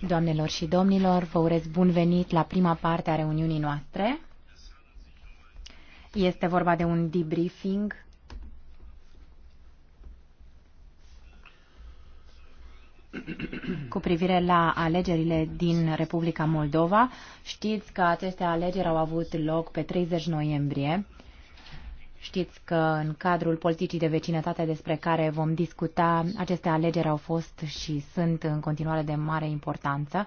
Doamnelor și domnilor, vă urez bun venit la prima parte a reuniunii noastre. Este vorba de un debriefing cu privire la alegerile din Republica Moldova. Știți că aceste alegeri au avut loc pe 30 noiembrie Știți că în cadrul politicii de vecinătate despre care vom discuta, aceste alegeri au fost și sunt în continuare de mare importanță.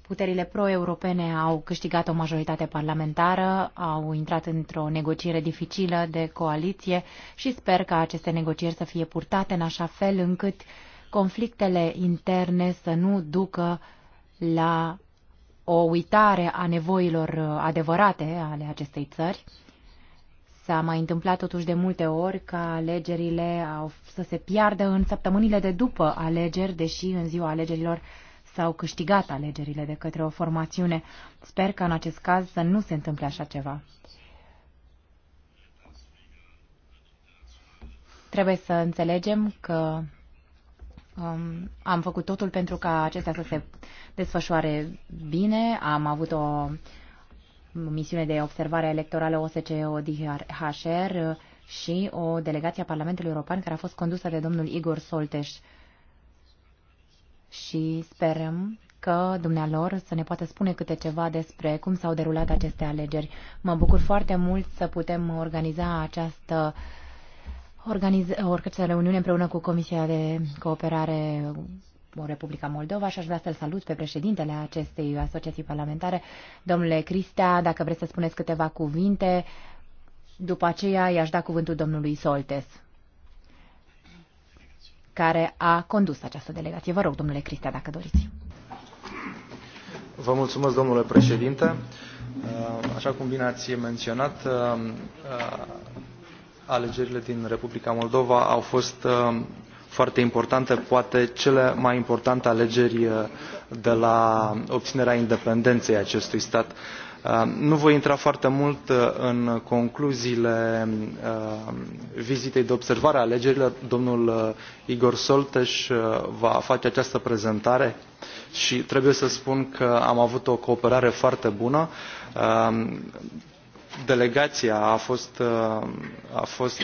Puterile pro-europene au câștigat o majoritate parlamentară, au intrat într-o negociere dificilă de coaliție și sper ca aceste negocieri să fie purtate în așa fel încât conflictele interne să nu ducă la o uitare a nevoilor adevărate ale acestei țări S-a mai întâmplat totuși de multe ori ca alegerile au, să se piardă în săptămânile de după alegeri, deși în ziua alegerilor s-au câștigat alegerile de către o formațiune. Sper că în acest caz să nu se întâmple așa ceva. Trebuie să înțelegem că um, am făcut totul pentru ca acestea să se desfășoare bine, am avut o uh, misiune de observare electorală OSCE-ODHR și o delegație a Parlamentului European care a fost condusă de domnul Igor Solteș. Și sperăm că dumnealor să ne poată spune câte ceva despre cum s-au derulat aceste alegeri. Mă bucur foarte mult să putem organiza această organiz, reuniune împreună cu Comisia de Cooperare Republica Moldova și aș vrea să-l salut pe președintele acestei asociații parlamentare, domnule Cristea, dacă vreți să spuneți câteva cuvinte, după aceea i-aș da cuvântul domnului Soltes, care a condus această delegație. Vă rog, domnule Cristea, dacă doriți. Vă mulțumesc, domnule președinte. Uh, așa cum bine ați menționat, uh, uh, alegerile din Republica Moldova au fost foarte importantă poate cele mai importante alegeri uh, de la obținerea independenței acestui stat. Uh, nu voi intra foarte mult uh, în concluziile vizitei de observare a alegerilor. Domnul Igor Solteș va face această prezentare și trebuie să spun că am avut o cooperare foarte bună. Delegația a fost, a fost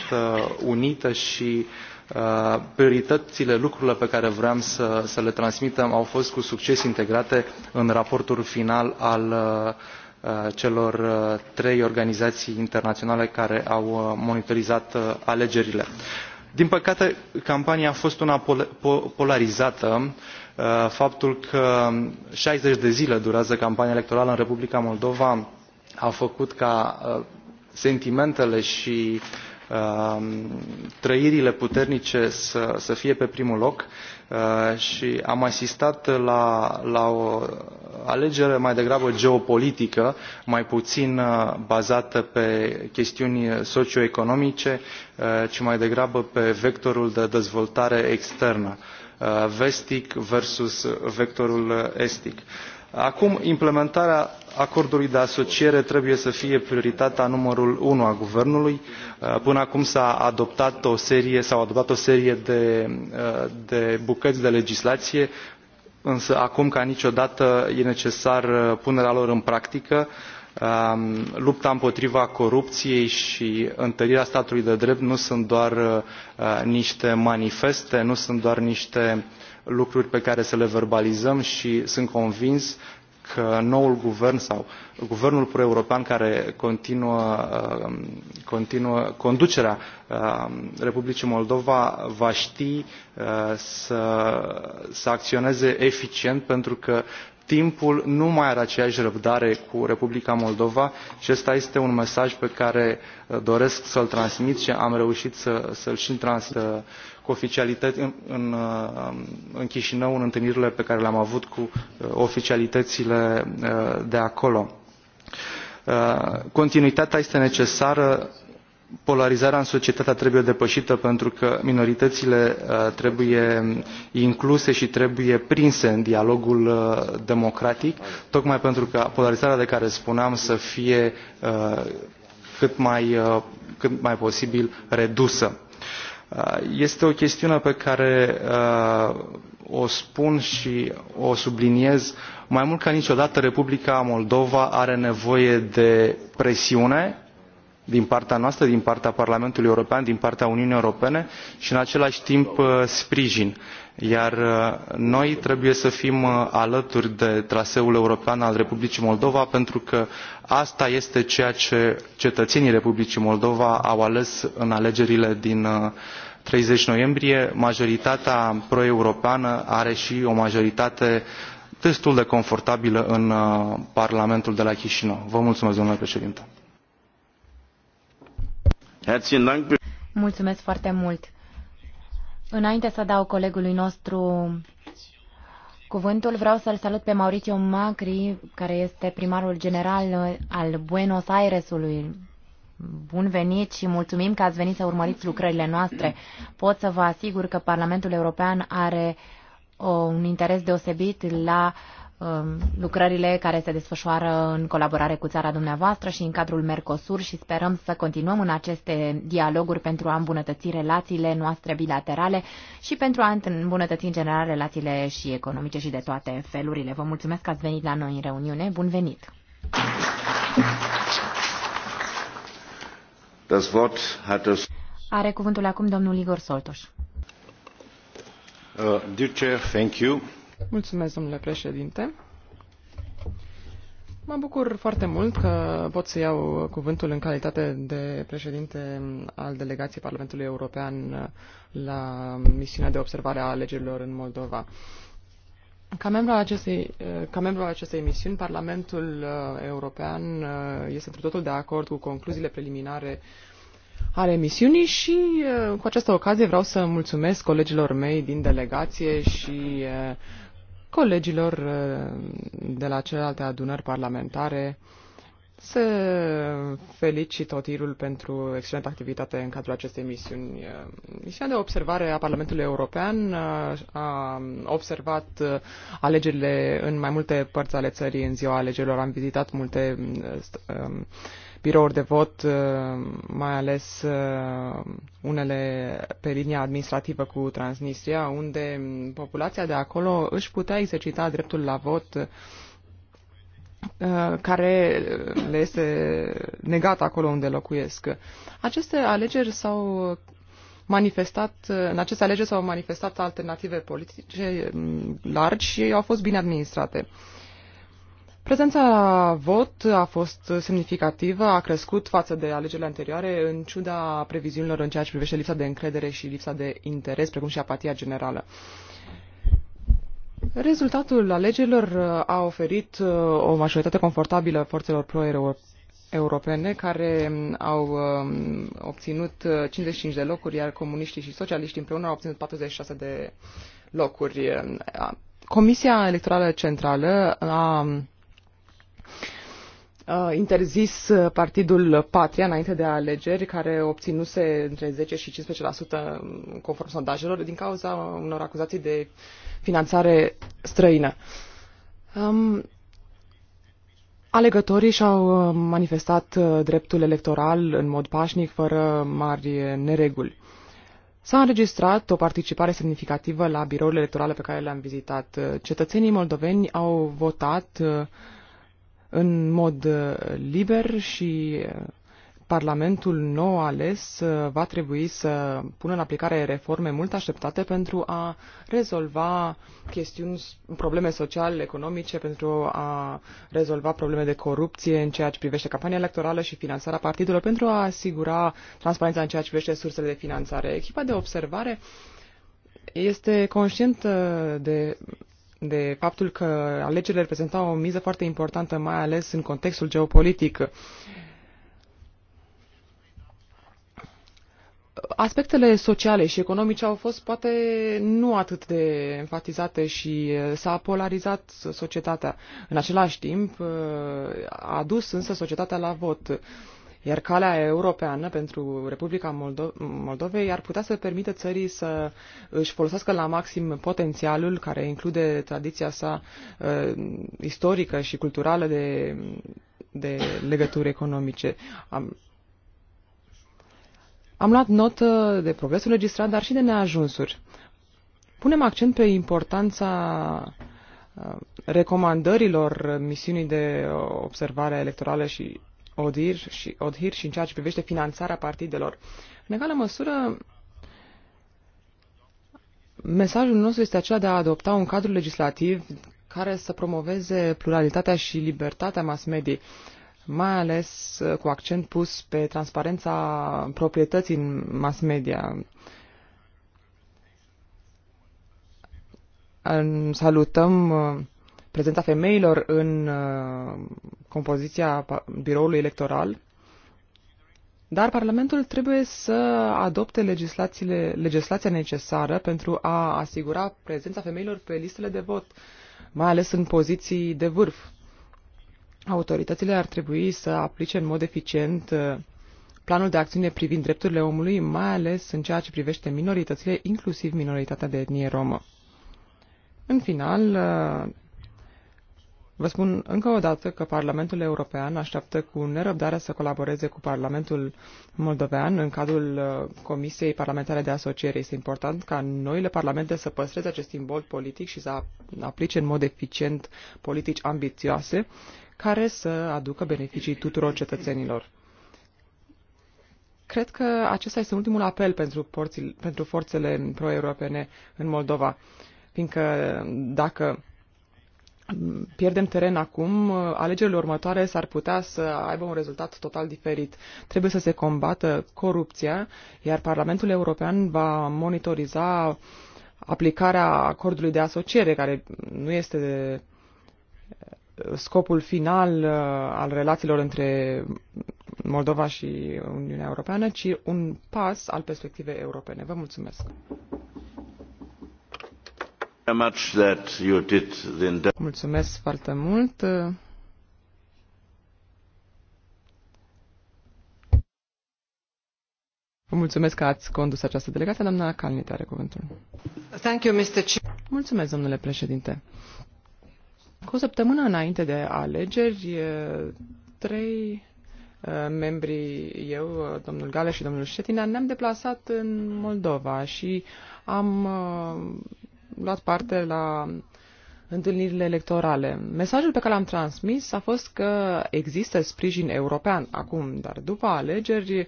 unită și uh, Uh, prioritățile, lucrurile pe care vreau să, să le transmitem au fost cu succes integrate în raportul final al uh, uh, celor trei organizații internaționale care au monitorizat alegerile. Din păcate, campania a fost una polarizată. Faptul că 60 de zile durează campania electorală în Republica Moldova a făcut ca sentimentele și uh, Um, trăirile puternice să, să fie pe primul loc uh, și am asistat la, la o alegere mai degrabă geopolitică, mai puțin uh, bazată pe chestiuni socioeconomice, uh, ci mai degrabă pe vectorul de dezvoltare externă vestic versus vectorul estic acum implementarea acordului de asociere trebuie să fie prioritatea numărul unu a guvernului uh, până acum s a adoptat o serie s au adoptat o serie de, uh, de bucăți de legislație însă acum ca niciodată e necesar uh, punerea lor în practică um, lupta împotriva corupției și întărirea statului de drept nu sunt doar niște manifeste nu sunt doar niște lucruri pe care să le verbalizăm și sunt convins că noul guvern sau guvernul pro-european care continuă, uh, continuă conducerea uh, Republicii Moldova va ști uh, să, să acționeze eficient pentru că timpul nu mai are aceeași răbdare cu Republica Moldova și ăsta este un mesaj pe care doresc să-l transmit și am reușit să, să-l și transmit oficialități în, în, uh, în Chișinău, în întâlnirile pe care le-am avut cu uh, oficialitățile uh, de acolo. Continuitatea este necesară, polarizarea în societatea trebuie depășită pentru că minoritățile trebuie incluse și trebuie prinse în dialogul democratic, tocmai pentru ca polarizarea de care spuneam să fie cât mai, cât mai posibil redusă Uh, este o chestiune pe care uh, o spun și o subliniez. Mai mult ca niciodată, Republica Moldova are nevoie de presiune din partea noastră, din partea Parlamentului European, din partea Uniunii Europene și în același timp uh, sprijin iar uh, noi trebuie să fim uh, alături de traseul european al republicii moldova pentru că asta este ceea ce cetățenii republicii moldova au ales în alegerile din uh, treizeci noiembrie majoritatea pro europeană are și o majoritate destul de confortabilă în parlamentul de la chișinău. vă mulțumesc domnule președinte. mulțumesc foarte mult. Înainte să dau colegului nostru cuvântul, vreau să-l salut pe Mauricio Macri, care este primarul general al Buenos Airesului. Bun venit și mulțumim că ați venit să urmăriți lucrările noastre. Pot să vă asigur că Parlamentul European are uh, un interes deosebit la uh, Um, lucrările care se desfășoară în colaborare cu țara dumneavoastră și în cadrul Mercosur și sperăm să continuăm în aceste dialoguri pentru a îmbunătăți relațiile noastre bilaterale și pentru a îmbunătăți în general relațiile și economice și de toate felurile. Vă mulțumesc că ați venit la noi în reuniune. Bun venit! Das Wort hat Are cuvântul acum domnul Igor Soltoș. Uh, dear Chair, thank you. Mulțumesc, domnule președinte. Mă bucur foarte mult că pot să iau cuvântul în calitate de președinte al delegației Parlamentului European la misiunea de observare a alegerilor în Moldova. Ca membru, acestei, ca membru al acestei misiuni, Parlamentul uh, European uh, este într totul de acord cu concluziile preliminare ale misiunii și uh, cu această ocazie vreau să mulțumesc colegilor mei din delegație și colegilor uh, de la celelalte adunări parlamentare să felicit Otirul pentru excelentă activitate în cadrul acestei misiuni. Uh, misiunea de observare a Parlamentului European uh, a observat alegerile în mai multe părți ale țării în ziua alegerilor. Am vizitat multe um, birouri de vot, uh, mai ales uh, unele pe linia administrativă cu Transnistria, unde populația de acolo își putea exercita dreptul la vot uh, care le este negat acolo unde locuiesc. Aceste alegeri s-au manifestat, în aceste alegeri s-au manifestat alternative politice mm, largi și au fost bine administrate. Prezența la vot a fost semnificativă, a crescut față de alegerile anterioare, în ciuda previziunilor în ceea ce privește lipsa de încredere și lipsa de interes, precum și apatia generală. Rezultatul alegerilor uh, a oferit uh, o majoritate confortabilă forțelor pro-europene care mm, au um, obținut 55 uh, de locuri, iar comuniștii și socialiștii împreună au obținut 46 de locuri. Comisia Electorală Centrală a Uh, interzis uh, partidul Patria înainte de alegeri, care obținuse între 10 și 15% um, conform sondajelor din cauza unor acuzații de finanțare străină. Um, alegătorii și-au uh, manifestat dreptul electoral în mod pașnic, fără mari nereguli. S-a înregistrat o participare semnificativă la birourile electorale pe care le-am vizitat. Cetățenii moldoveni au votat uh, în mod uh, liber și uh, Parlamentul nou ales uh, va trebui să pună în aplicare reforme mult așteptate pentru a rezolva chestiuni, probleme sociale, economice, pentru a rezolva probleme de corupție în ceea ce privește campania electorală și finanțarea partidelor, pentru a asigura transparența în ceea ce privește sursele de finanțare. Echipa de observare este conștientă de de faptul că alegerile reprezentau o miză foarte importantă, mai ales în contextul geopolitic. Aspectele sociale și economice au fost poate nu atât de enfatizate și uh, s-a polarizat societatea. În același timp, uh, a dus însă societatea la vot. Iar calea europeană pentru Republica Moldo- Moldovei ar putea să permită țării să își folosească la maxim potențialul care include tradiția sa uh, istorică și culturală de, de legături economice. Am, am luat notă de progresul registrat, dar și de neajunsuri. Punem accent pe importanța uh, recomandărilor misiunii de observare electorală și Odir și, Odhir și în ceea ce privește finanțarea partidelor. În egală măsură, mesajul nostru este acela de a adopta un cadru legislativ care să promoveze pluralitatea și libertatea mass media, mai ales uh, cu accent pus pe transparența proprietății în mass media. Salutăm uh, prezența femeilor în uh, compoziția biroului electoral, dar Parlamentul trebuie să adopte legislațiile, legislația necesară pentru a asigura prezența femeilor pe listele de vot, mai ales în poziții de vârf. Autoritățile ar trebui să aplice în mod eficient uh, planul de acțiune privind drepturile omului, mai ales în ceea ce privește minoritățile, inclusiv minoritatea de etnie romă. În final, uh, Vă spun încă o dată că Parlamentul European așteaptă cu nerăbdare să colaboreze cu Parlamentul Moldovean în cadrul uh, Comisiei Parlamentare de Asociere. Este important ca noile parlamente să păstreze acest simbol politic și să aplice în mod eficient politici ambițioase care să aducă beneficii tuturor cetățenilor. Cred că acesta este ultimul apel pentru, porții, pentru forțele pro-europene în Moldova, fiindcă dacă pierdem teren acum, alegerile următoare s-ar putea să aibă un rezultat total diferit. Trebuie să se combată corupția, iar Parlamentul European va monitoriza aplicarea acordului de asociere, care nu este uh, scopul final uh, al relațiilor între Moldova și Uniunea Europeană, ci un pas al perspectivei europene. Vă mulțumesc! Mulțumesc foarte mult. Vă mulțumesc că ați condus această delegație. Doamna Calnit are cuvântul. Thank you, Mr. Mulțumesc, domnule președinte. Cu o săptămână înainte de alegeri, trei membrii, eu, domnul Gale și domnul Șetina, ne-am deplasat în Moldova și am luat parte la întâlnirile electorale. Mesajul pe care l-am transmis a fost că există sprijin european acum, dar după alegeri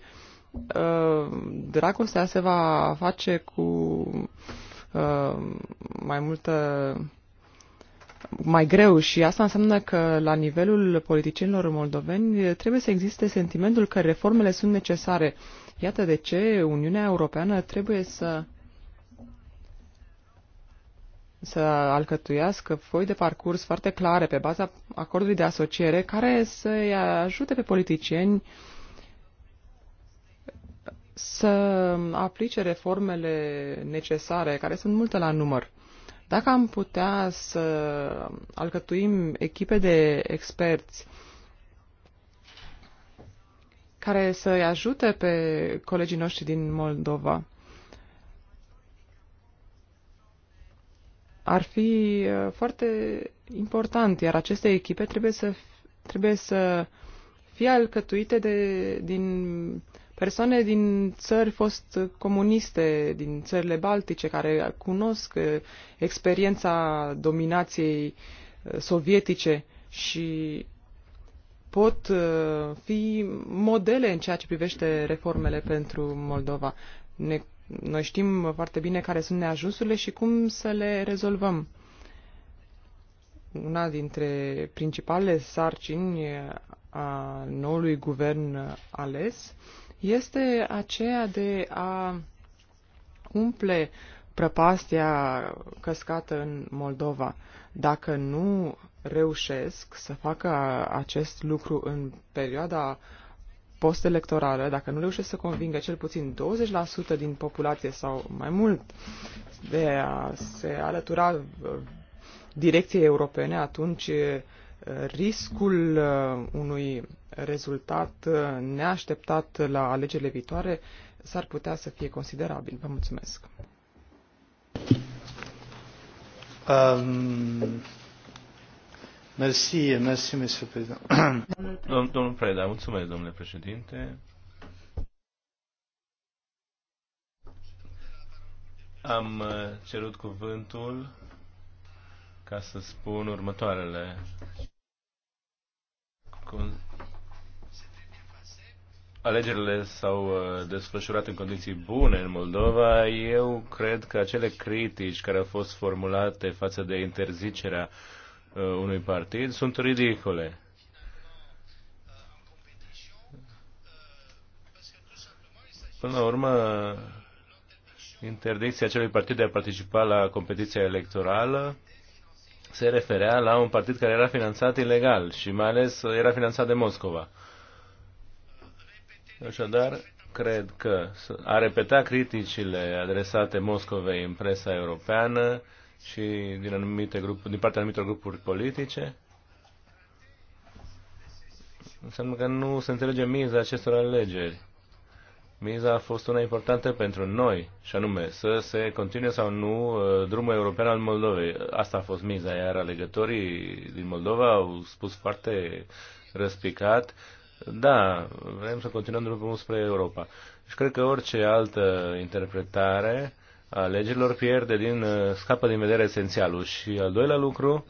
uh, dragostea se va face cu uh, mai multă mai greu și asta înseamnă că la nivelul politicienilor moldoveni trebuie să existe sentimentul că reformele sunt necesare. Iată de ce Uniunea Europeană trebuie să să alcătuiască foi de parcurs foarte clare pe baza acordului de asociere care să-i ajute pe politicieni să aplice reformele necesare, care sunt multe la număr. Dacă am putea să alcătuim echipe de experți care să-i ajute pe colegii noștri din Moldova ar fi uh, foarte important, iar aceste echipe trebuie să, trebuie să fie alcătuite de, din persoane din țări fost comuniste, din țările baltice, care cunosc uh, experiența dominației uh, sovietice și pot fi modele în ceea ce privește reformele pentru Moldova. Ne noi știm foarte bine care sunt neajunsurile și cum să le rezolvăm. Una dintre principalele sarcini a noului guvern ales este aceea de a umple prăpastia căscată în Moldova. Dacă nu reușesc să facă acest lucru în perioada post-electorală, dacă nu reușesc să convingă cel puțin 20% din populație sau mai mult de a se alătura uh, direcției europene, atunci uh, riscul uh, unui rezultat neașteptat la alegerile viitoare s-ar putea să fie considerabil. Vă mulțumesc. Um... Mersi, mersi, Domnul Preda, mulțumesc, domnule președinte. Am uh, cerut cuvântul ca să spun următoarele. Alegerile s-au uh, desfășurat în condiții bune în Moldova. Eu cred că acele critici care au fost formulate față de interzicerea Uh, unui partid sunt ridicole. Până la urmă, interdicția acelui partid de a participa la competiția electorală se referea la un partid care era finanțat ilegal și mai ales era finanțat de Moscova. Așadar, cred că a repeta criticile adresate Moscovei în presa europeană și din, anumite grupuri, din partea anumitor grupuri politice, înseamnă că nu se înțelege miza acestor alegeri. Miza a fost una importantă pentru noi, și anume să se continue sau nu uh, drumul european al Moldovei. Asta a fost miza, iar alegătorii din Moldova au spus foarte răspicat, da, vrem să continuăm drumul spre Europa. Și cred că orice altă interpretare Legilor pierde din, uh, scapă din vedere esențialul. Și al doilea lucru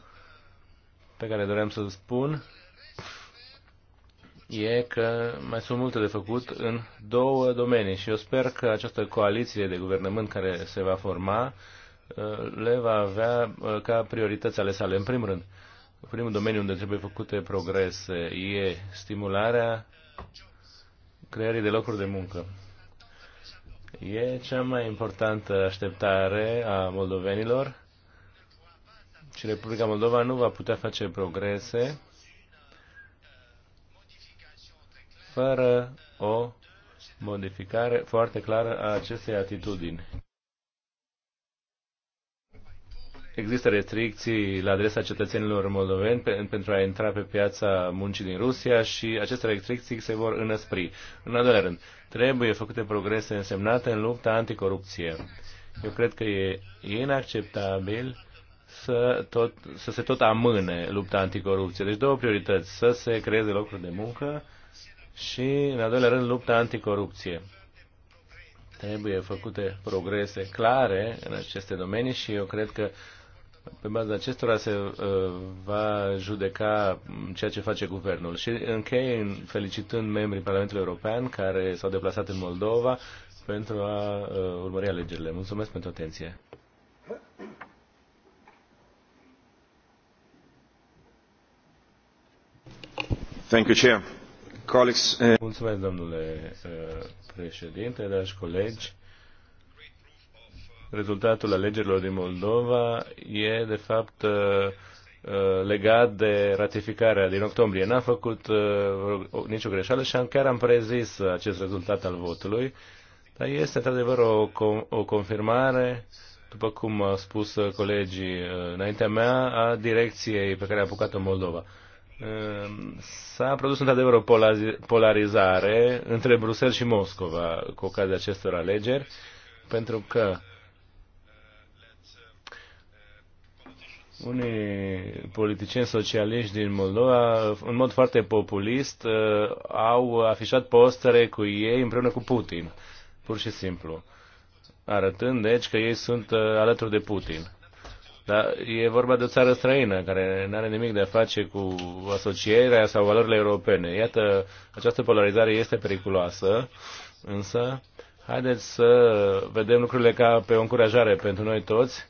pe care doream să spun e că mai sunt multe de făcut în două domenii și eu sper că această coaliție de guvernământ care se va forma uh, le va avea uh, ca priorități ale sale. În primul rând, primul domeniu unde trebuie făcute progrese e stimularea creării de locuri de muncă. E cea mai importantă așteptare a moldovenilor și Republica Moldova nu va putea face progrese fără o modificare foarte clară a acestei atitudini. Există restricții la adresa cetățenilor moldoveni pe, pentru a intra pe piața muncii din Rusia și aceste restricții se vor înăspri. În al doilea rând, trebuie făcute progrese însemnate în lupta anticorupție. Eu cred că e inacceptabil să, tot, să se tot amâne lupta anticorupție. Deci două priorități, să se creeze locuri de muncă și, în al doilea rând, lupta anticorupție trebuie făcute progrese clare în aceste domenii și eu cred că pe baza acestora se uh, va judeca ceea ce face guvernul. Și închei felicitând membrii Parlamentului European care s-au deplasat în Moldova pentru a uh, urmări alegerile. Mulțumesc pentru atenție. Thank you, Chair. Colleagues, uh, Mulțumesc, domnule președinte, dragi colegi rezultatul alegerilor din Moldova e, de fapt, uh, uh, legat de ratificarea din octombrie. N-am făcut uh, nicio greșeală și chiar am prezis acest rezultat al votului, dar este, într-adevăr, o, o confirmare după cum au spus colegii înaintea mea, a direcției pe care a apucat-o Moldova. S-a produs într-adevăr o polarizare între Bruxelles și Moscova cu ocazia acestor alegeri, pentru că unii politicieni socialiști din Moldova, în mod foarte populist, uh, au afișat postere cu ei împreună cu Putin, pur și simplu, arătând, deci, că ei sunt uh, alături de Putin. Dar e vorba de o țară străină, care nu are nimic de a face cu asocierea sau valorile europene. Iată, această polarizare este periculoasă, însă haideți să vedem lucrurile ca pe o încurajare pentru noi toți,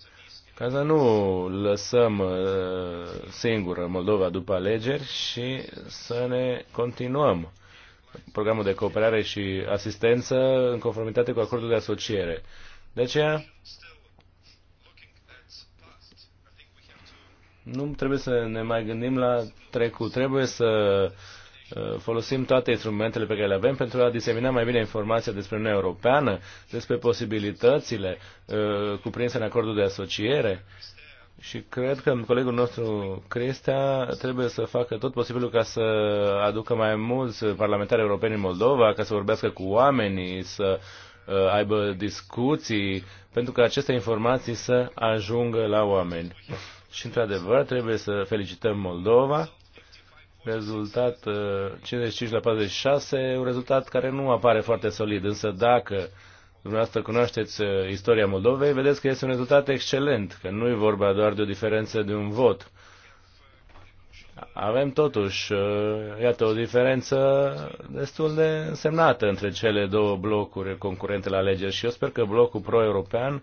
ca să nu lăsăm uh, singură Moldova după alegeri și să ne continuăm programul de cooperare și asistență în conformitate cu acordul de asociere. De aceea, nu trebuie să ne mai gândim la trecut. Trebuie să Uh, folosim toate instrumentele pe care le avem pentru a disemina mai bine informația despre Uniunea Europeană, despre posibilitățile uh, cuprinse în acordul de asociere. Și cred că colegul nostru, Cristea, trebuie să facă tot posibilul ca să aducă mai mulți parlamentari europeni în Moldova, ca să vorbească cu oamenii, să uh, aibă discuții, pentru că aceste informații să ajungă la oameni. Și, într-adevăr, trebuie să felicităm Moldova rezultat 55 uh, la 46, un rezultat care nu apare foarte solid, însă dacă dumneavoastră cunoașteți uh, istoria Moldovei, vedeți că este un rezultat excelent, că nu e vorba doar de o diferență de un vot. Avem totuși, uh, iată, o diferență destul de însemnată între cele două blocuri concurente la alegeri și eu sper că blocul pro-european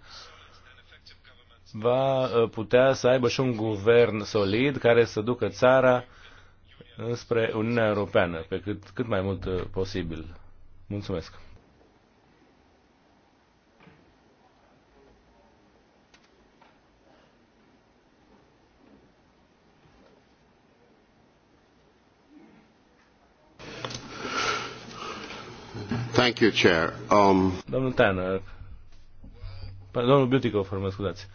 va putea să aibă și un guvern solid care să ducă țara înspre Uniunea Europeană, pe cât, cât mai mult uh, posibil. Mulțumesc! Thank you, Chair. Um... Domnul Tanner, domnul Beautycofer, mă scuzați.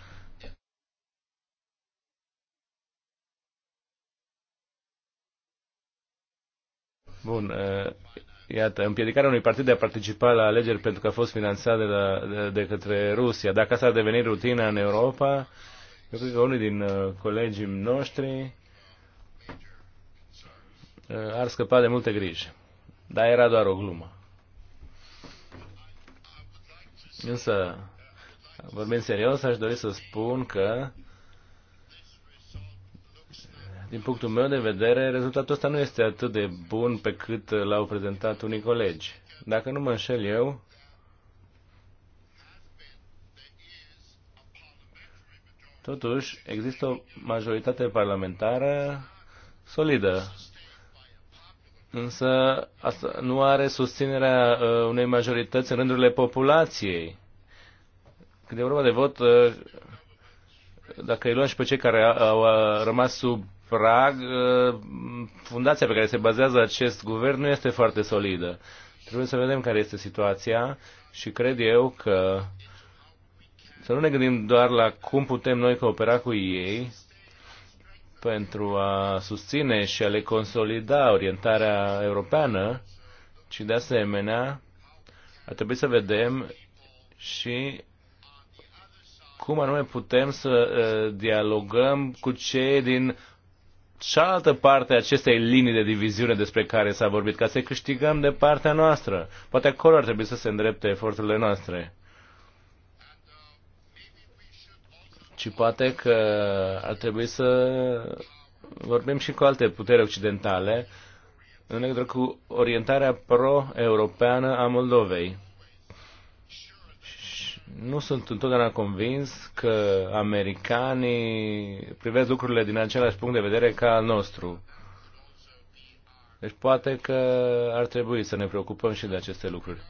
Bun, iată, împiedicarea unui partid de a participa la alegeri pentru că a fost finanțat de, la, de, de către Rusia. Dacă asta a devenit rutina în Europa, eu cred că unul din colegii noștri ar scăpa de multe griji. Dar era doar o glumă. Însă, vorbind serios, aș dori să spun că din punctul meu de vedere, rezultatul ăsta nu este atât de bun pe cât l-au prezentat unii colegi. Dacă nu mă înșel eu, totuși există o majoritate parlamentară solidă însă asta nu are susținerea uh, unei majorități în rândurile populației. Când e vorba de vot, uh, dacă îi luăm și pe cei care au, au rămas sub prag, ă, fundația pe care se bazează acest guvern nu este foarte solidă. Trebuie să vedem care este situația și cred eu că să nu ne gândim doar la cum putem noi coopera cu ei pentru a susține și a le consolida orientarea europeană, ci de asemenea a trebui să vedem și cum anume putem să ă, dialogăm cu cei din cealaltă parte a acestei linii de diviziune despre care s-a vorbit, ca să câștigăm de partea noastră. Poate acolo ar trebui să se îndrepte eforturile noastre. Și poate că ar trebui să vorbim și cu alte puteri occidentale în legătură cu orientarea pro-europeană a Moldovei nu sunt întotdeauna convins că americanii privesc lucrurile din același punct de vedere ca al nostru. Deci poate că ar trebui să ne preocupăm și de aceste lucruri.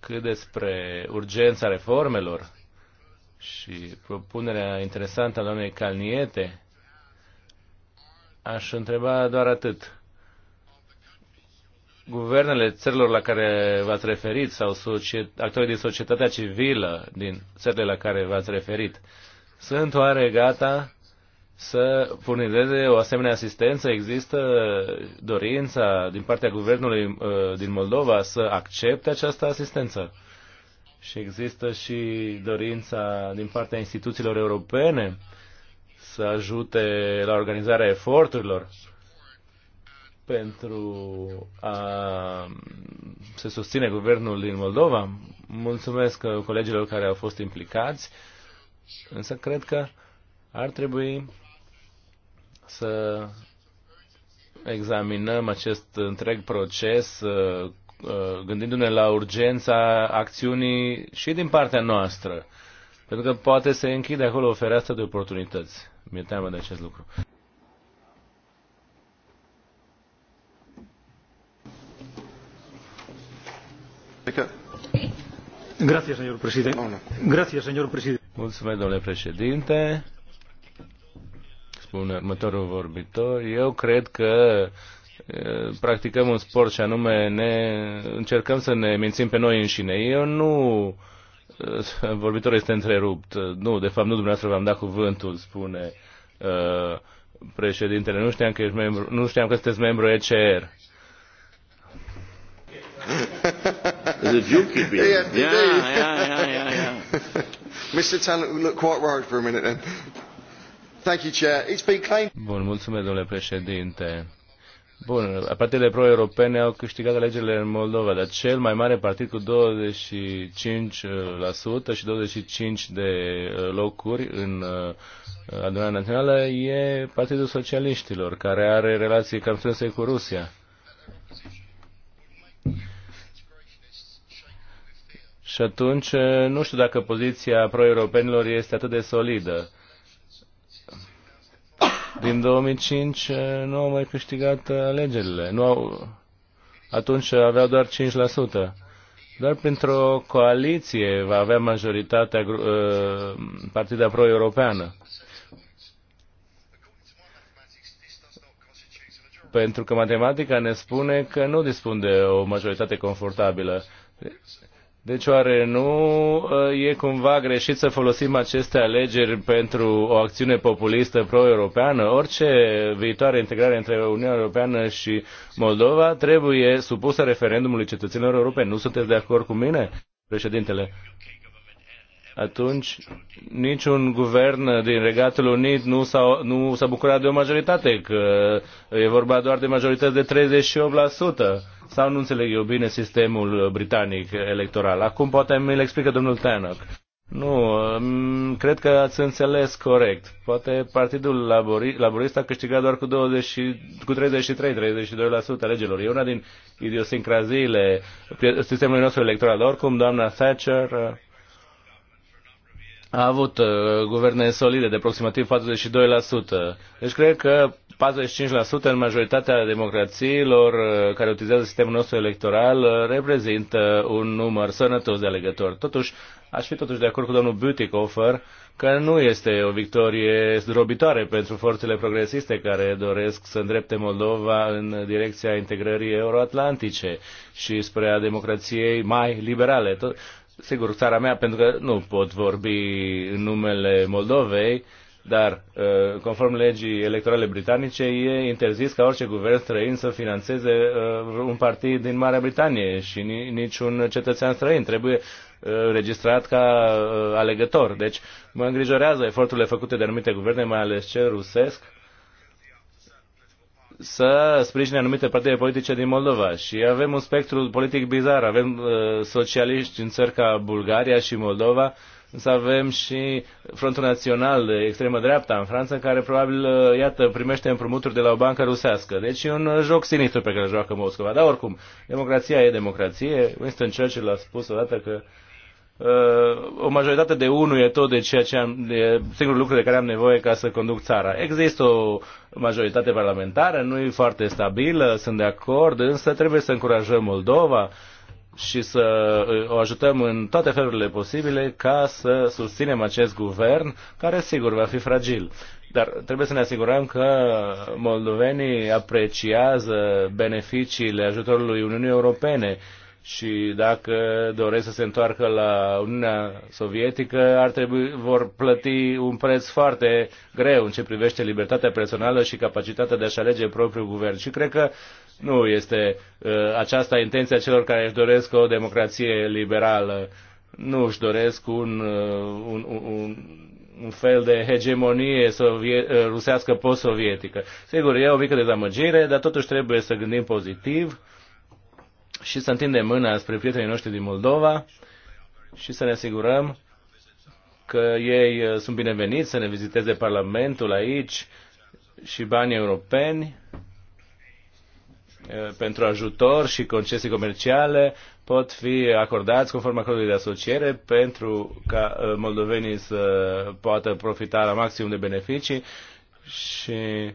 Cât despre urgența reformelor și propunerea interesantă a doamnei Calniete, aș întreba doar atât guvernele țărilor la care v-ați referit sau actorii din societatea civilă din țările la care v-ați referit sunt oare gata să furnizeze o asemenea asistență? Există dorința din partea guvernului uh, din Moldova să accepte această asistență? Și există și dorința din partea instituțiilor europene să ajute la organizarea eforturilor pentru a se susține guvernul din Moldova. Mulțumesc uh, colegilor care au fost implicați, însă cred că ar trebui să examinăm acest întreg proces uh, uh, gândindu-ne la urgența acțiunii și din partea noastră. Pentru că poate se închide acolo o fereastră de oportunități. Mi-e teamă de acest lucru. Mulțumesc, domnule președinte. Spune următorul vorbitor. Eu cred că practicăm un sport și anume ne încercăm să ne mințim pe noi înșine. Eu nu vorbitorul este întrerupt. Nu, de fapt nu dumneavoastră v-am dat cuvântul, spune uh, președintele. Nu știam că ești membru, nu știam că sunteți membru ECR. There's a view-keeping. AFDD. Yeah, yeah, yeah, yeah. Mr. Tannock look quite worried for a minute then. Thank you, Chair. It's been claimed... Bun, mulțumesc, domnule președinte. Bun, partidele pro-europene au câștigat alegerile în Moldova, dar cel mai mare partid cu 25% și 25 de uh, locuri în uh, adunarea națională e Partidul Socialiștilor, care are relații cam strânse cu Rusia. Și atunci nu știu dacă poziția pro-europenilor este atât de solidă. Din 2005 nu au mai câștigat alegerile. Nu au... Atunci aveau doar 5%. Doar printr-o coaliție va avea majoritatea uh, partida pro-europeană. Pentru că matematica ne spune că nu dispune de o majoritate confortabilă. Deci oare nu uh, e cumva greșit să folosim aceste alegeri pentru o acțiune populistă pro-europeană? Orice viitoare integrare între Uniunea Europeană și Moldova trebuie supusă referendumului cetățenilor europeni. Nu sunteți de acord cu mine, președintele? Atunci niciun guvern din Regatul Unit nu s-a, nu s-a bucurat de o majoritate, că e vorba doar de majorități de 38%. Sau nu înțeleg eu bine sistemul uh, britanic electoral? Acum poate mi-l explică domnul Tannock. Nu, um, cred că ați înțeles corect. Poate Partidul Laborist a câștigat doar cu, 20, cu 33-32% alegerilor. E una din idiosincraziile sistemului nostru electoral. Dar oricum, doamna Thatcher uh, a avut uh, guverne solide de aproximativ 42%. Deci cred că 45% în majoritatea democrațiilor uh, care utilizează sistemul nostru electoral uh, reprezintă un număr sănătos de alegători. Totuși, aș fi totuși de acord cu domnul Butikofer că nu este o victorie zdrobitoare pentru forțele progresiste care doresc să îndrepte Moldova în direcția integrării euroatlantice și spre a democrației mai liberale. Tot, sigur, țara mea, pentru că nu pot vorbi în numele Moldovei, dar, uh, conform legii electorale britanice, e interzis ca orice guvern străin să financeze uh, un partid din Marea Britanie și niciun cetățean străin. Trebuie uh, registrat ca alegător. Deci, mă îngrijorează eforturile făcute de anumite guverne, mai ales cel rusesc, să sprijine anumite partide politice din Moldova. Și avem un spectru politic bizar. Avem uh, socialiști în țări ca Bulgaria și Moldova, uh, să avem și Frontul Național de extremă dreapta în Franța, care probabil, uh, iată, primește împrumuturi de la o bancă rusească. Deci e un uh, joc sinistru pe care îl joacă Moscova. Dar oricum, democrația e democrație. Winston Churchill a spus odată că uh, o majoritate de unu e tot de ceea ce am, de singurul lucru de care am nevoie ca să conduc țara. Există o majoritate parlamentară, nu e foarte stabilă, sunt de acord, însă trebuie să încurajăm Moldova și să uh, o ajutăm în toate felurile posibile ca să susținem acest guvern, care sigur va fi fragil. Dar trebuie să ne asigurăm că moldovenii apreciază beneficiile ajutorului Uniunii Europene și dacă doresc să se întoarcă la Uniunea Sovietică, ar trebui, vor plăti un preț foarte greu în ce privește libertatea personală și capacitatea de a-și alege propriul guvern. Și cred că nu este uh, aceasta intenția celor care își doresc o democrație liberală. Nu își doresc un, uh, un, un, un fel de hegemonie uh, rusească post-sovietică. Sigur, e o mică dezamăgire, dar totuși trebuie să gândim pozitiv și să întindem mâna spre prietenii noștri din Moldova și să ne asigurăm că ei uh, sunt bineveniți să ne viziteze Parlamentul aici și banii europeni uh, pentru ajutor și concesii comerciale pot fi acordați conform acordului de asociere pentru ca uh, moldovenii să poată profita la maxim de beneficii și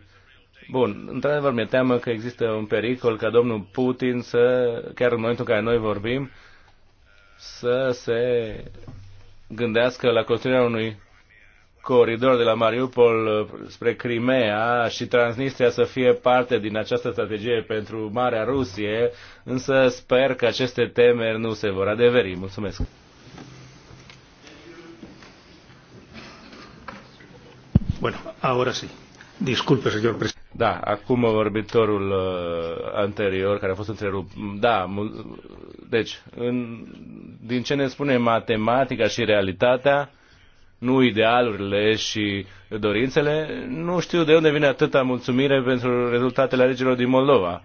Bun, într-adevăr mi-e teamă că există un pericol ca domnul Putin să, chiar în momentul în care noi vorbim, să se gândească la construirea unui coridor de la Mariupol spre Crimea și Transnistria să fie parte din această strategie pentru Marea Rusie, însă sper că aceste temeri nu se vor adeveri. Mulțumesc! Bueno, ahora sí. Disculpe, señor presidente. Da, acum vorbitorul uh, anterior care a fost întrerupt. Da, deci, în, din ce ne spune matematica și realitatea, nu idealurile și dorințele, nu știu de unde vine atâta mulțumire pentru rezultatele alegerilor din Moldova.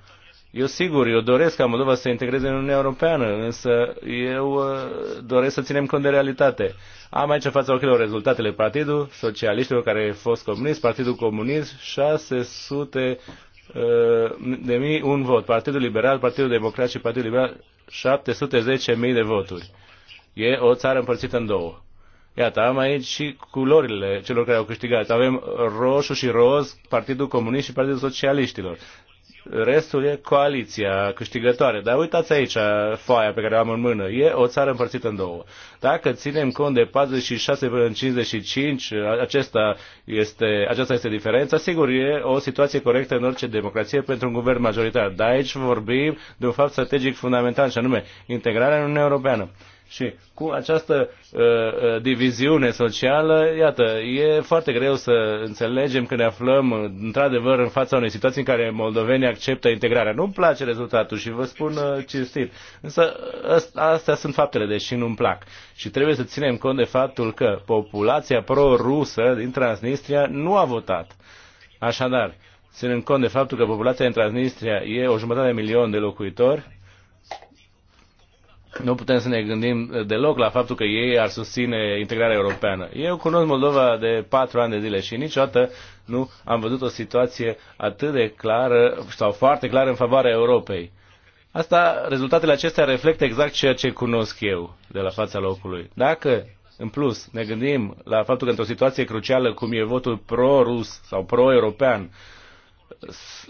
Eu sigur, eu doresc ca Moldova să se integreze în Uniunea Europeană, însă eu uh, doresc să ținem cont de realitate. Am aici în fața ochilor rezultatele Partidul Socialiștilor, care a fost comunist, Partidul Comunist, 600 uh, de mii un vot. Partidul Liberal, Partidul Democrat și Partidul Liberal, 710 mii de voturi. E o țară împărțită în două. Iată, am aici și culorile celor care au câștigat. Avem roșu și roz, Partidul Comunist și Partidul Socialiștilor restul e coaliția câștigătoare. Dar uitați aici foaia pe care o am în mână. E o țară împărțită în două. Dacă ținem cont de 46 până în 55, acesta este, aceasta este diferența. Sigur, e o situație corectă în orice democrație pentru un guvern majoritar. Dar aici vorbim de un fapt strategic fundamental, și anume integrarea în Uniunea Europeană. Și cu această uh, uh, diviziune socială, iată, e foarte greu să înțelegem că ne aflăm uh, într-adevăr în fața unei situații în care moldovenii acceptă integrarea. Nu-mi place rezultatul și vă spun uh, cinstit. Însă astea sunt faptele, deși nu-mi plac. Și trebuie să ținem cont de faptul că populația pro-rusă din Transnistria nu a votat. Așadar, ținem cont de faptul că populația din Transnistria e o jumătate de milion de locuitori, nu putem să ne gândim eh, deloc la faptul că ei ar susține integrarea europeană. Eu cunosc Moldova de patru ani de zile și niciodată nu am văzut o situație atât de clară sau foarte clară în favoarea Europei. Asta, rezultatele acestea reflectă exact ceea ce cunosc eu de la fața locului. Dacă, în plus, ne gândim la faptul că într-o situație crucială cum e votul pro-rus sau pro-european,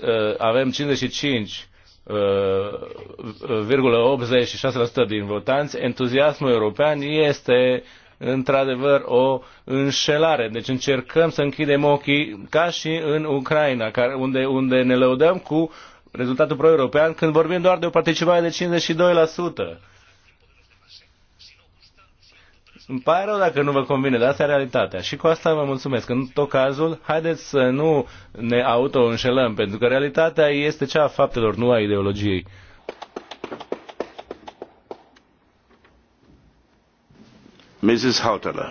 eh, avem 55 86% uh, din votanți, entuziasmul european este într-adevăr o înșelare. Deci încercăm să închidem ochii ca și în Ucraina, unde, unde ne lăudăm cu rezultatul pro-european când vorbim doar de o participare de 52%. Îmi pare rău dacă nu vă convine, dar asta e realitatea. Și cu asta vă mulțumesc. În tot cazul, haideți să nu ne auto-înșelăm, pentru că realitatea este cea a faptelor, nu a ideologiei. Mrs. Hautala.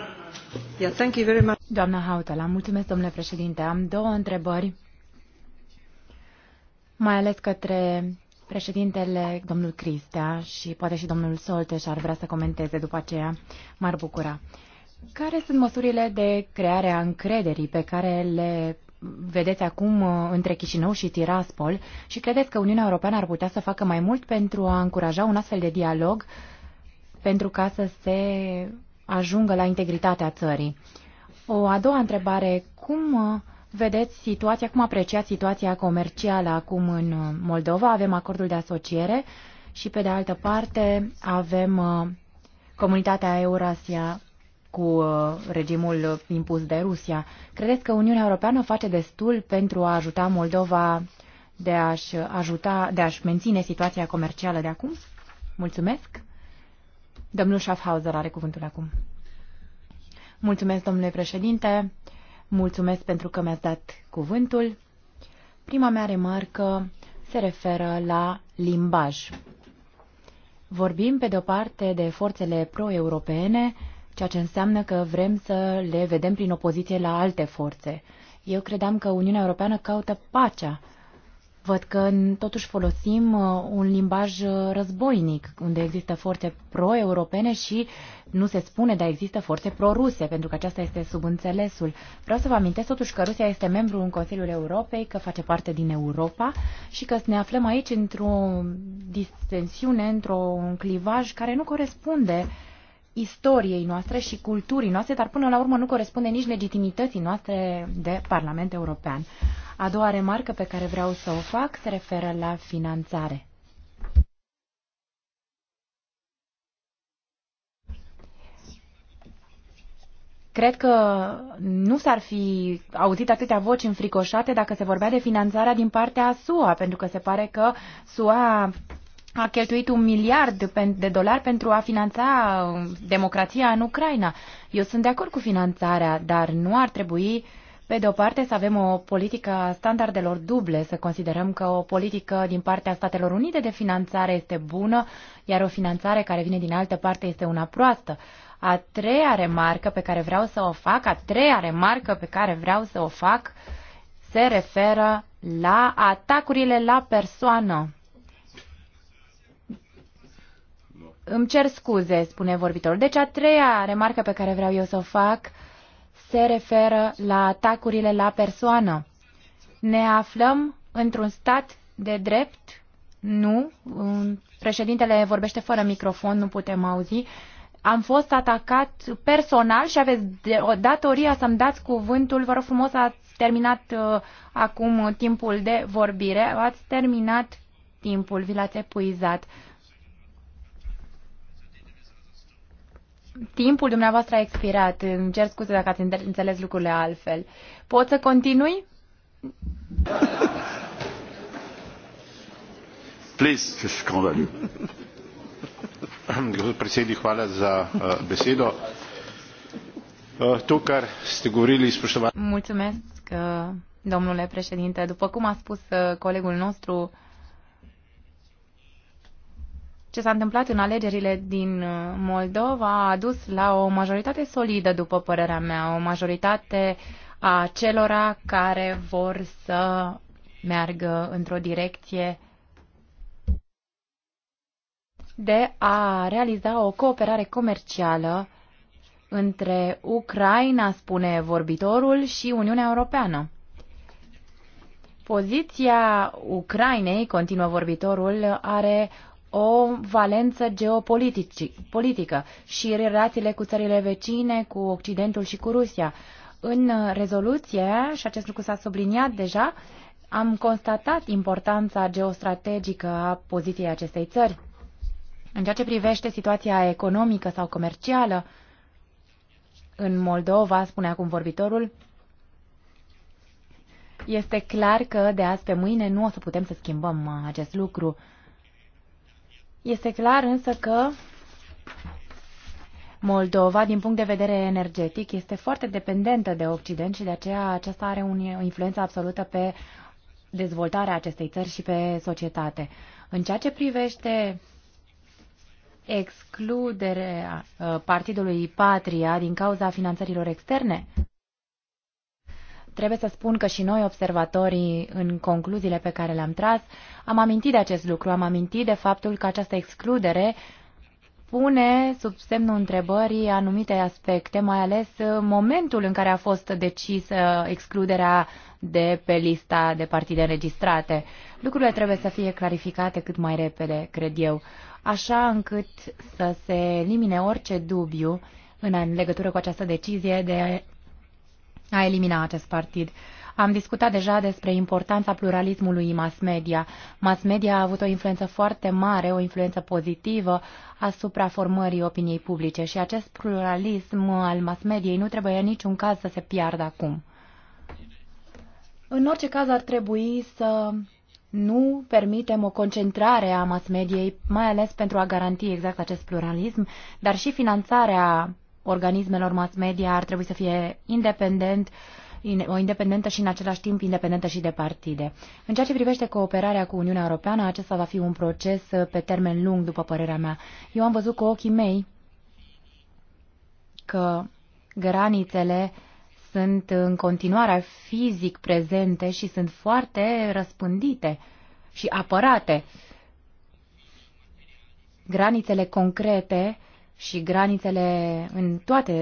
Yeah, thank you very much. Doamna Hautala, mulțumesc, domnule președinte. Am două întrebări, mai ales către Președintele, domnul Cristea și poate și domnul Solteș ar vrea să comenteze după aceea, m-ar bucura. Care sunt măsurile de creare a încrederii pe care le vedeți acum uh, între Chișinău și Tiraspol și credeți că Uniunea Europeană ar putea să facă mai mult pentru a încuraja un astfel de dialog pentru ca să se ajungă la integritatea țării? O a doua întrebare, cum uh, vedeți situația, cum apreciați situația comercială acum în uh, Moldova. Avem acordul de asociere și, pe de altă parte, avem uh, comunitatea Eurasia cu uh, regimul impus de Rusia. Credeți că Uniunea Europeană face destul pentru a ajuta Moldova de a-și, ajuta, de a-și menține situația comercială de acum? Mulțumesc. Domnul Schaffhauser are cuvântul acum. Mulțumesc, domnule președinte. Mulțumesc pentru că mi-ați dat cuvântul. Prima mea remarcă se referă la limbaj. Vorbim, pe de-o parte, de forțele pro-europene, ceea ce înseamnă că vrem să le vedem prin opoziție la alte forțe. Eu credeam că Uniunea Europeană caută pacea văd că totuși folosim uh, un limbaj uh, războinic, unde există forțe pro-europene și nu se spune, dar există forțe pro-ruse, pentru că aceasta este subînțelesul. Vreau să vă amintesc totuși că Rusia este membru în Consiliul Europei, că face parte din Europa și că ne aflăm aici într-o distensiune, într-un clivaj care nu corespunde istoriei noastre și culturii noastre, dar până la urmă nu corespunde nici legitimității noastre de Parlament European. A doua remarcă pe care vreau să o fac se referă la finanțare. Cred că nu s-ar fi auzit atâtea voci înfricoșate dacă se vorbea de finanțarea din partea SUA, pentru că se pare că SUA a cheltuit un miliard de dolari pentru a finanța um, democrația în Ucraina. Eu sunt de acord cu finanțarea, dar nu ar trebui uh, pe de o parte, să avem o politică a standardelor duble, să considerăm că o politică din partea Statelor Unite de finanțare este bună, iar o finanțare care vine din altă parte este una proastă. A treia remarcă pe care vreau să o fac, a treia remarcă pe care vreau să o fac, se referă la atacurile la persoană. Îmi cer scuze, spune vorbitorul. Deci a treia remarcă pe care vreau eu să o fac se referă la atacurile la persoană. Ne aflăm într-un stat de drept? Nu. Președintele vorbește fără microfon, nu putem auzi. Am fost atacat personal și aveți o datoria să-mi dați cuvântul. Vă rog frumos, ați terminat uh, acum timpul de vorbire. Ați terminat timpul, vi l-ați epuizat. timpul dumneavoastră a expirat. Îmi cer scuze dacă ați înțeles lucrurile altfel. Pot să continui? Please, ce scandaleux. Gospod predsednik, hvala za uh, besedo. Uh, to, kar ste govorili, spoštovani. Mulțumesc, uh, domnule președinte. După cum a spus uh, colegul nostru, ce s-a întâmplat în alegerile din uh, Moldova a adus la o majoritate solidă, după părerea mea, o majoritate a celora care vor să meargă într-o direcție de a realiza o cooperare comercială între Ucraina, spune vorbitorul, și Uniunea Europeană. Poziția Ucrainei, continuă vorbitorul, are o valență geopolitică și relațiile cu țările vecine, cu Occidentul și cu Rusia. În rezoluție, și acest lucru s-a subliniat deja, am constatat importanța geostrategică a poziției acestei țări. În ceea ce privește situația economică sau comercială, în Moldova, spune acum vorbitorul, este clar că de azi pe mâine nu o să putem să schimbăm uh, acest lucru. Este clar însă că Moldova, din punct de vedere energetic, este foarte dependentă de Occident și de aceea aceasta are o influență absolută pe dezvoltarea acestei țări și pe societate. În ceea ce privește excluderea uh, partidului Patria din cauza finanțărilor externe, Trebuie să spun că și noi, observatorii, în concluziile pe care le-am tras, am amintit de acest lucru, am amintit de faptul că această excludere pune sub semnul întrebării anumite aspecte, mai ales uh, momentul în care a fost decisă excluderea de pe lista de partide înregistrate. Lucrurile trebuie să fie clarificate cât mai repede, cred eu, așa încât să se elimine orice dubiu în legătură cu această decizie de a elimina acest partid. Am discutat deja despre importanța pluralismului mass media. Mass media a avut o influență foarte mare, o influență pozitivă asupra formării opiniei publice și acest pluralism al mass mediei nu trebuie în niciun caz să se piardă acum. În orice caz ar trebui să nu permitem o concentrare a mass mediei, mai ales pentru a garanti exact acest pluralism, dar și finanțarea organismelor mass media ar trebui să fie independent, o independentă și în același timp independentă și de partide. În ceea ce privește cooperarea cu Uniunea Europeană, acesta va fi un proces uh, pe termen lung, după părerea mea. Eu am văzut cu ochii mei că granițele sunt în continuare fizic prezente și sunt foarte răspândite și apărate. Granițele concrete și granițele în toate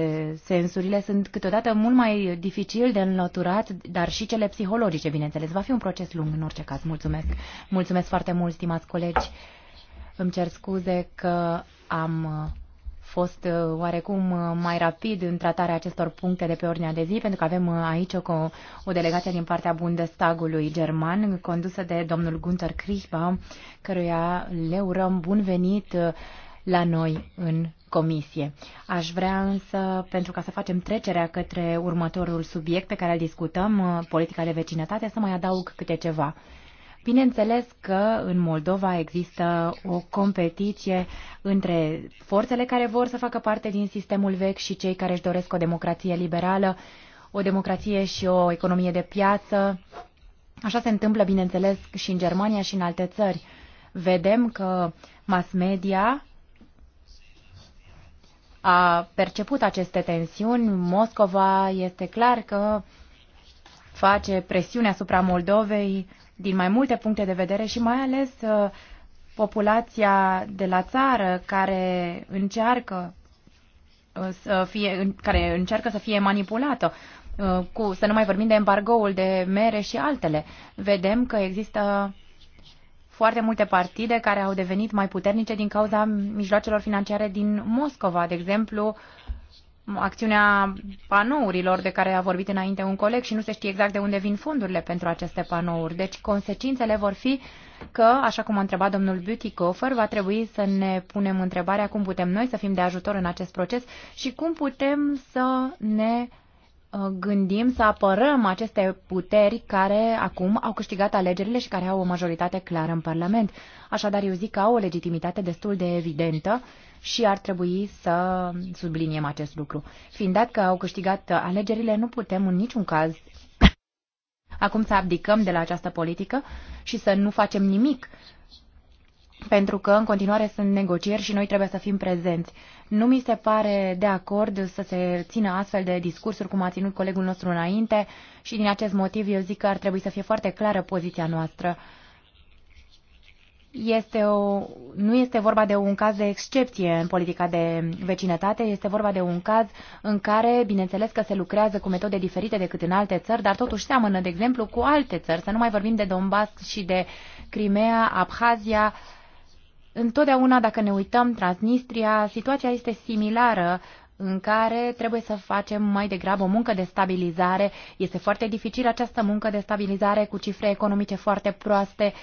sensurile sunt câteodată mult mai dificil de înlăturat, dar și cele psihologice, bineînțeles. Va fi un proces lung în orice caz. Mulțumesc. Mulțumesc foarte mult, stimați colegi. Îmi cer scuze că am fost uh, oarecum uh, mai rapid în tratarea acestor puncte de pe ordinea de zi, pentru că avem uh, aici o, o delegație din partea Bundestagului german, condusă de domnul Gunther Krichba, căruia le urăm bun venit la noi în comisie. Aș vrea însă, pentru ca să facem trecerea către următorul subiect pe care îl discutăm, uh, politica de vecinătate, să mai adaug câte ceva. Bineînțeles că în Moldova există o competiție între forțele care vor să facă parte din sistemul vechi și cei care își doresc o democrație liberală, o democrație și o economie de piață. Așa se întâmplă, bineînțeles, și în Germania și în alte țări. Vedem că mass media a perceput aceste tensiuni. Moscova este clar că face presiune asupra Moldovei din mai multe puncte de vedere și mai ales uh, populația de la țară care încearcă uh, să fie, care încearcă să fie manipulată. Uh, cu, să nu mai vorbim de embargoul de mere și altele. Vedem că există foarte multe partide care au devenit mai puternice din cauza mijloacelor financiare din Moscova, de exemplu, acțiunea panourilor de care a vorbit înainte un coleg și nu se știe exact de unde vin fondurile pentru aceste panouri. Deci consecințele vor fi că, așa cum a întrebat domnul Butikofer, va trebui să ne punem întrebarea cum putem noi să fim de ajutor în acest proces și cum putem să ne Uh, gândim să apărăm aceste puteri care acum au câștigat alegerile și care au o majoritate clară în Parlament. Așadar, eu zic că au o legitimitate destul de evidentă și ar trebui să subliniem acest lucru. Fiind dat că au câștigat alegerile, nu putem în niciun caz acum să abdicăm de la această politică și să nu facem nimic pentru că în continuare sunt negocieri și noi trebuie să fim prezenți. Nu mi se pare de acord să se țină astfel de discursuri cum a ținut colegul nostru înainte și din acest motiv eu zic că ar trebui să fie foarte clară poziția noastră. Este o, nu este vorba de un caz de excepție în politica de vecinătate, este vorba de un caz în care, bineînțeles că se lucrează cu metode diferite decât în alte țări, dar totuși seamănă, de exemplu, cu alte țări, să nu mai vorbim de Donbass și de Crimea, Abhazia, uh, Întotdeauna, dacă ne uităm Transnistria, situația este similară în care trebuie să facem mai degrabă o muncă de stabilizare. Este foarte dificil această muncă de stabilizare cu cifre economice foarte proaste,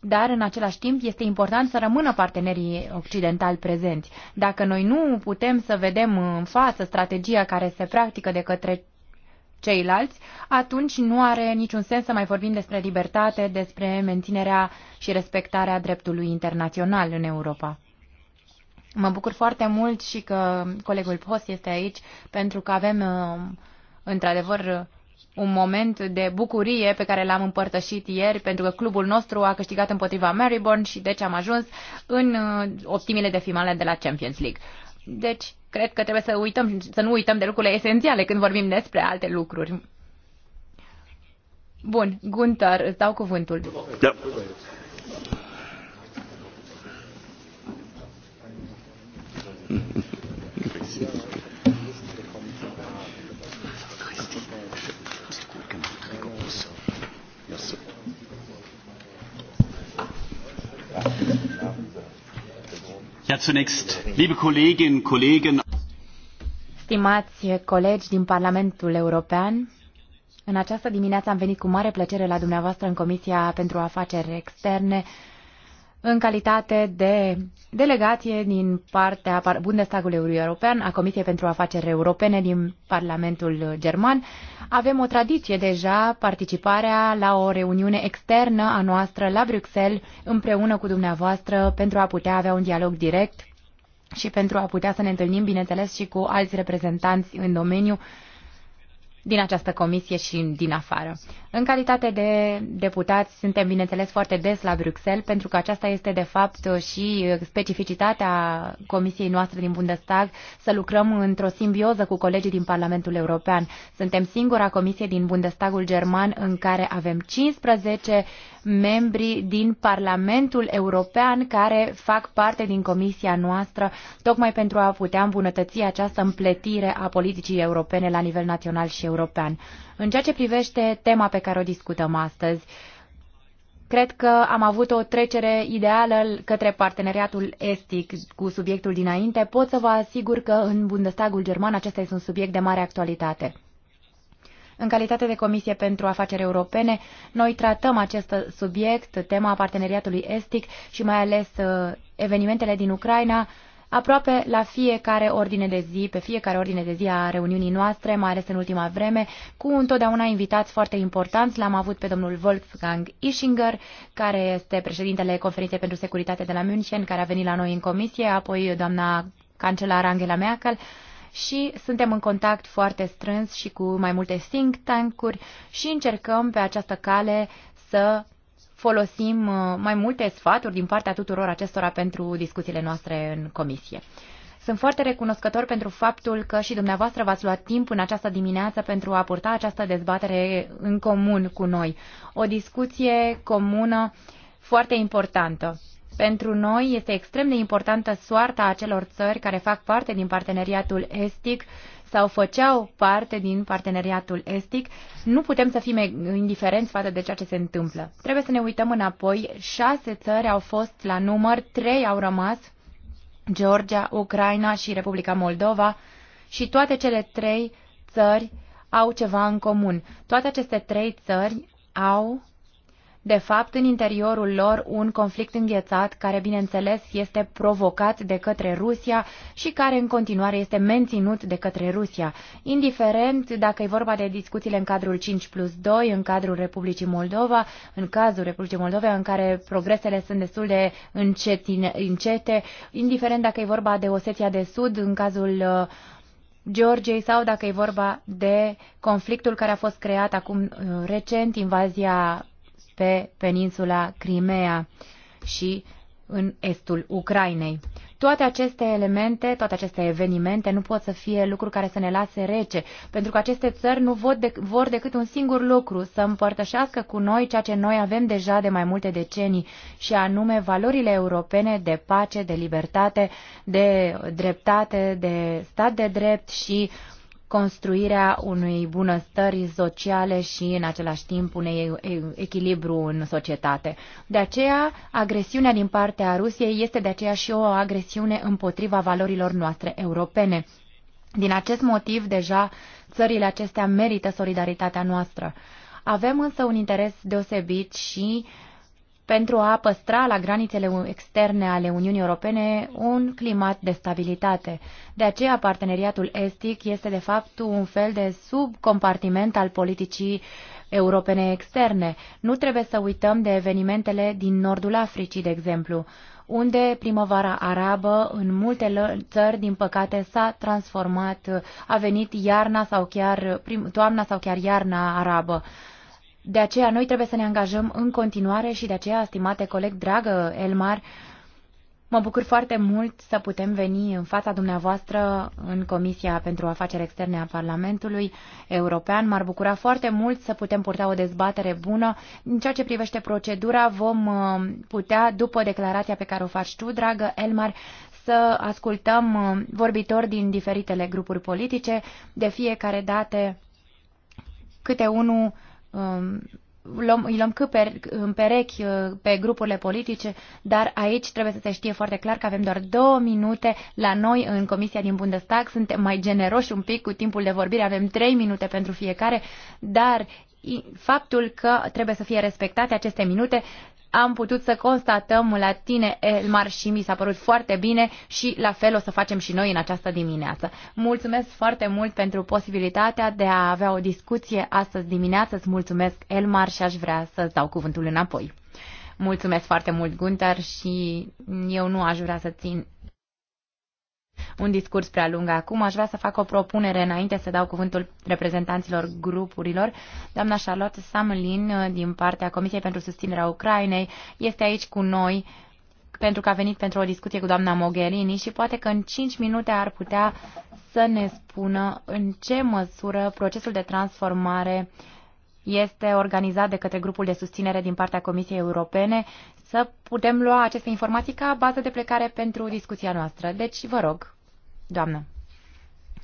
dar în același timp este important să rămână partenerii occidentali prezenți. Dacă noi nu putem să vedem în față strategia care se practică de către ceilalți, atunci nu are niciun sens să mai vorbim despre libertate, despre menținerea și respectarea dreptului internațional în Europa. Mă bucur foarte mult și că colegul Post este aici, pentru că avem, uh, într-adevăr, un moment de bucurie pe care l-am împărtășit ieri, pentru că clubul nostru a câștigat împotriva Maryborn și deci am ajuns în uh, optimile de finale de la Champions League. Deci, cred că trebuie să, uităm, să nu uităm de lucrurile esențiale când vorbim despre alte lucruri. Bun, Gunther, îți dau cuvântul. Da. Thank you. Ja, zunächst, liebe Kolleginnen, Kollegen. Stimați colegi din Parlamentul European, în această dimineață am venit cu mare plăcere la dumneavoastră în Comisia pentru Afaceri Externe în calitate de delegație din partea Bundestagului European, a Comisiei pentru Afaceri Europene din Parlamentul German. Avem o tradiție deja, participarea la o reuniune externă a noastră la Bruxelles împreună cu dumneavoastră pentru a putea avea un dialog direct și pentru a putea să ne întâlnim, bineînțeles, și cu alți reprezentanți în domeniu din această comisie și din afară. În calitate de deputați, suntem, bineînțeles, foarte des la Bruxelles, pentru că aceasta este, de fapt, și specificitatea comisiei noastre din Bundestag, să lucrăm într-o simbioză cu colegii din Parlamentul European. Suntem singura comisie din Bundestagul German în care avem 15 membri din Parlamentul European care fac parte din comisia noastră, tocmai pentru a putea îmbunătăți această împletire a politicii europene la nivel național și european. În ceea ce privește tema pe care o discutăm astăzi, cred că am avut o trecere ideală către parteneriatul estic cu subiectul dinainte. Pot să vă asigur că în Bundestagul german acesta este un subiect de mare actualitate. În calitate de Comisie pentru Afaceri Europene, noi tratăm acest subiect, tema parteneriatului estic și mai ales uh, evenimentele din Ucraina, aproape la fiecare ordine de zi, pe fiecare ordine de zi a reuniunii noastre, mai ales în ultima vreme, cu întotdeauna invitați foarte importanți. L-am avut pe domnul Wolfgang Ischinger, care este președintele Conferinței pentru Securitate de la München, care a venit la noi în comisie, apoi doamna cancelar Angela Merkel, și suntem în contact foarte strâns și cu mai multe think tank-uri și încercăm pe această cale să folosim uh, mai multe sfaturi din partea tuturor acestora pentru discuțiile noastre în comisie. Sunt foarte recunoscător pentru faptul că și dumneavoastră v-ați luat timp în această dimineață pentru a purta această dezbatere în comun cu noi. O discuție comună foarte importantă. Pentru noi este extrem de importantă soarta acelor țări care fac parte din parteneriatul estic sau făceau parte din parteneriatul estic, nu putem să fim indiferenți față de ceea ce se întâmplă. Trebuie să ne uităm înapoi. Șase țări au fost la număr, trei au rămas, Georgia, Ucraina și Republica Moldova, și toate cele trei țări au ceva în comun. Toate aceste trei țări au de fapt în interiorul lor un conflict înghețat care, bineînțeles, este provocat de către Rusia și care în continuare este menținut de către Rusia, indiferent dacă e vorba de discuțiile în cadrul 5 plus 2, în cadrul Republicii Moldova, în cazul Republicii Moldova, în care progresele sunt destul de încetine, încete, indiferent dacă e vorba de Osetia de Sud, în cazul uh, Georgiei sau dacă e vorba de conflictul care a fost creat acum uh, recent, invazia pe peninsula Crimea și în estul Ucrainei. Toate aceste elemente, toate aceste evenimente nu pot să fie lucruri care să ne lase rece, pentru că aceste țări nu vor, dec- vor decât un singur lucru, să împărtășească cu noi ceea ce noi avem deja de mai multe decenii, și anume valorile europene de pace, de libertate, de dreptate, de stat de drept și construirea unei bunăstări sociale și, în același timp, unei echilibru în societate. De aceea, agresiunea din partea Rusiei este de aceea și o agresiune împotriva valorilor noastre europene. Din acest motiv, deja, țările acestea merită solidaritatea noastră. Avem însă un interes deosebit și uh, pentru a păstra la granițele externe ale Uniunii Europene un climat de stabilitate. De aceea, parteneriatul estic este, de fapt, un fel de subcompartiment al politicii europene externe. Nu trebuie să uităm de evenimentele din nordul Africii, de exemplu, unde primăvara arabă în multe țări, din păcate, s-a transformat, a venit iarna sau chiar, toamna sau chiar iarna arabă de aceea noi trebuie să ne angajăm în continuare și de aceea, stimate coleg dragă Elmar, mă bucur foarte mult să putem veni în fața dumneavoastră în Comisia pentru Afaceri Externe a Parlamentului European. M-ar bucura foarte mult să putem purta o dezbatere bună. În ceea ce privește procedura, vom uh, putea, după declarația pe care o faci tu, dragă Elmar, să ascultăm uh, vorbitori din diferitele grupuri politice, de fiecare dată câte unul Um, luăm, îi luăm cât per, în perechi uh, pe grupurile politice, dar aici trebuie să se știe foarte clar că avem doar două minute la noi în Comisia din Bundestag. Suntem mai generoși un pic cu timpul de vorbire, avem trei minute pentru fiecare, dar faptul că trebuie să fie respectate aceste minute am putut să constatăm la tine, Elmar, și mi s-a părut foarte bine și la fel o să facem și noi în această dimineață. Mulțumesc foarte mult pentru posibilitatea de a avea o discuție astăzi dimineață. Îți mulțumesc, Elmar, și aș vrea să-ți dau cuvântul înapoi. Mulțumesc foarte mult, Gunter, și eu nu aș vrea să țin un discurs prea lung acum. Aș vrea să fac o propunere înainte să dau cuvântul reprezentanților grupurilor. Doamna Charlotte Samlin, uh, din partea Comisiei pentru Susținerea Ucrainei, este aici cu noi pentru că a venit pentru o discuție cu doamna Mogherini și poate că în 5 minute ar putea să ne spună în ce măsură procesul de transformare este organizat de către grupul de susținere din partea Comisiei Europene să putem lua aceste informații ca bază de plecare pentru discuția noastră. Deci, vă rog, doamnă,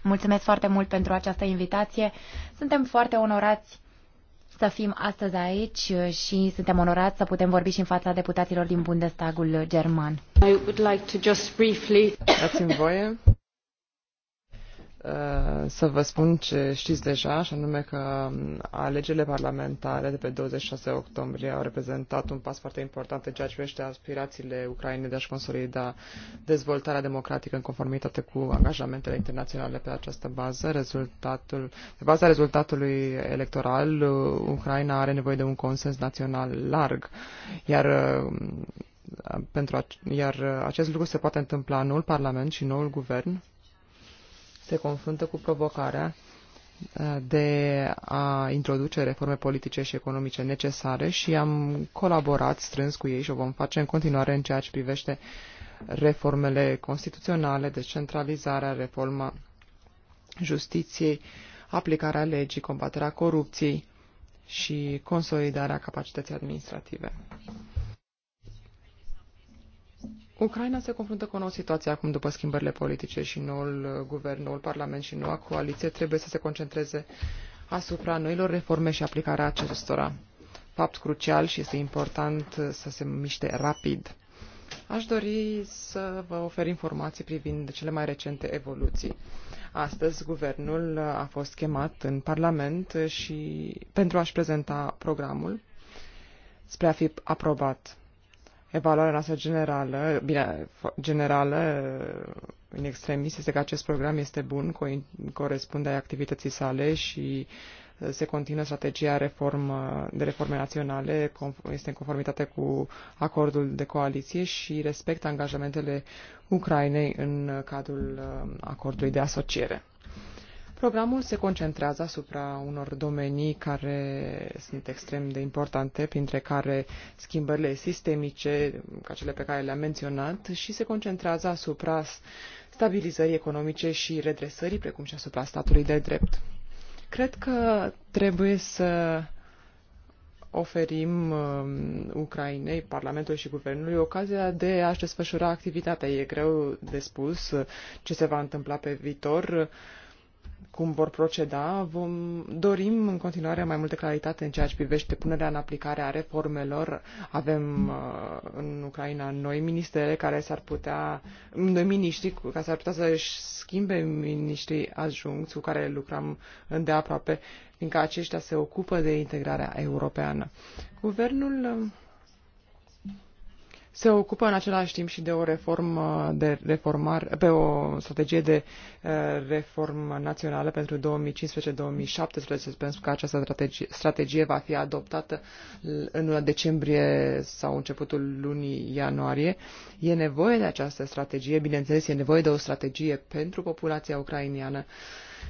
mulțumesc foarte mult pentru această invitație. Suntem foarte onorați să fim astăzi aici și suntem onorați să putem vorbi și în fața deputaților din Bundestagul german. I would like to just briefly... Dați-mi voie Uh, să vă spun ce știți deja, și anume că um, alegerile parlamentare de pe 26 octombrie au reprezentat un pas foarte important în ceea ce privește aspirațiile Ucrainei de a-și consolida dezvoltarea democratică în conformitate cu angajamentele internaționale pe această bază. Rezultatul, pe baza rezultatului electoral, uh, Ucraina are nevoie de un consens național larg, iar uh, pentru, iar acest lucru se poate întâmpla în noul Parlament și noul Guvern se confruntă cu provocarea uh, de a introduce reforme politice și economice necesare și am colaborat strâns cu ei și o vom face în continuare în ceea ce privește reformele constituționale, descentralizarea, reforma justiției, aplicarea legii, combaterea corupției și consolidarea capacității administrative. Ucraina se confruntă cu o nouă situație acum după schimbările politice și noul uh, guvern, noul parlament și noua coaliție trebuie să se concentreze asupra noilor reforme și aplicarea acestora. Fapt crucial și este important uh, să se miște rapid. Aș dori să vă ofer informații privind cele mai recente evoluții. Astăzi, guvernul uh, a fost chemat în Parlament și pentru a-și prezenta programul spre a fi aprobat evaluarea noastră generală, bine, generală în extremis este că acest program este bun, corespunde activității sale și uh, se continuă strategia reformă, de reforme naționale, este în conformitate cu acordul de coaliție și respectă angajamentele Ucrainei în uh, cadrul uh, acordului de asociere. Programul se concentrează asupra unor domenii care sunt extrem de importante, printre care schimbările sistemice, ca cele pe care le-am menționat, și se concentrează asupra stabilizării economice și redresării, precum și asupra statului de drept. Cred că trebuie să oferim um, Ucrainei, Parlamentului și Guvernului ocazia de a-și desfășura activitatea. E greu de spus uh, ce se va întâmpla pe viitor. Uh, cum vor proceda. Vom dorim în continuare mai multă claritate în ceea ce privește punerea în aplicare a reformelor. Avem uh, în Ucraina noi ministere care s-ar putea, noi miniștri care s-ar putea să-și schimbe miniștrii ajungți cu care lucrăm îndeaproape, fiindcă aceștia se ocupă de integrarea europeană. Guvernul uh, se ocupă în același timp și de o reformă de reformar, pe o strategie de eh, reformă națională pentru 2015-2017. pentru că această strategie, strategie va fi adoptată în luna decembrie sau începutul lunii ianuarie. E nevoie de această strategie, bineînțeles, e nevoie de o strategie pentru populația ucrainiană. Uh,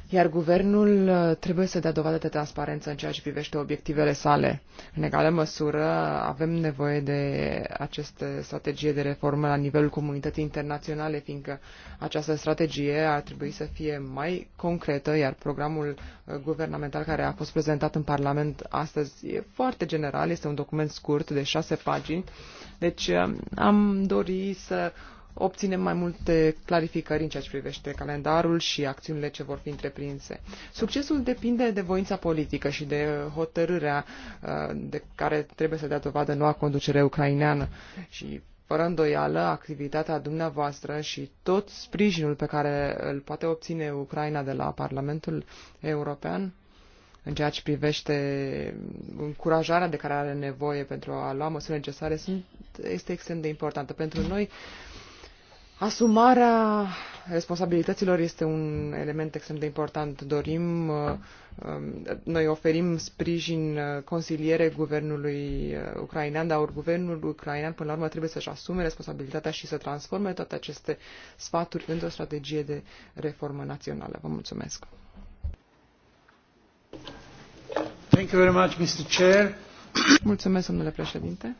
iar guvernul uh, trebuie să dea dovadă de transparență în ceea ce privește obiectivele sale. În egală măsură, avem nevoie de această strategie de reformă la nivelul comunității internaționale, fiindcă această strategie ar trebui să fie mai concretă, iar programul uh, guvernamental care a fost prezentat în Parlament astăzi e foarte general, este un document scurt de șase pagini, deci uh, am dori să obținem mai multe clarificări în ceea ce privește calendarul și acțiunile ce vor fi întreprinse. Succesul depinde de voința politică și de hotărârea uh, de care trebuie să dea dovadă noua conducere ucraineană și fără îndoială, activitatea dumneavoastră și tot sprijinul pe care îl poate obține Ucraina de la Parlamentul European în ceea ce privește încurajarea de care are nevoie pentru a lua măsuri necesare sunt, este extrem de importantă. Pentru noi, Asumarea responsabilităților este un element extrem de important. Dorim, uh, um, noi oferim sprijin, uh, consiliere guvernului uh, ucrainean, dar guvernul ucrainean până la urmă trebuie să-și asume responsabilitatea și să transforme toate aceste sfaturi într-o strategie de reformă națională. Vă mulțumesc. Thank you very much, Mr. Chair. Mulțumesc, domnule președinte.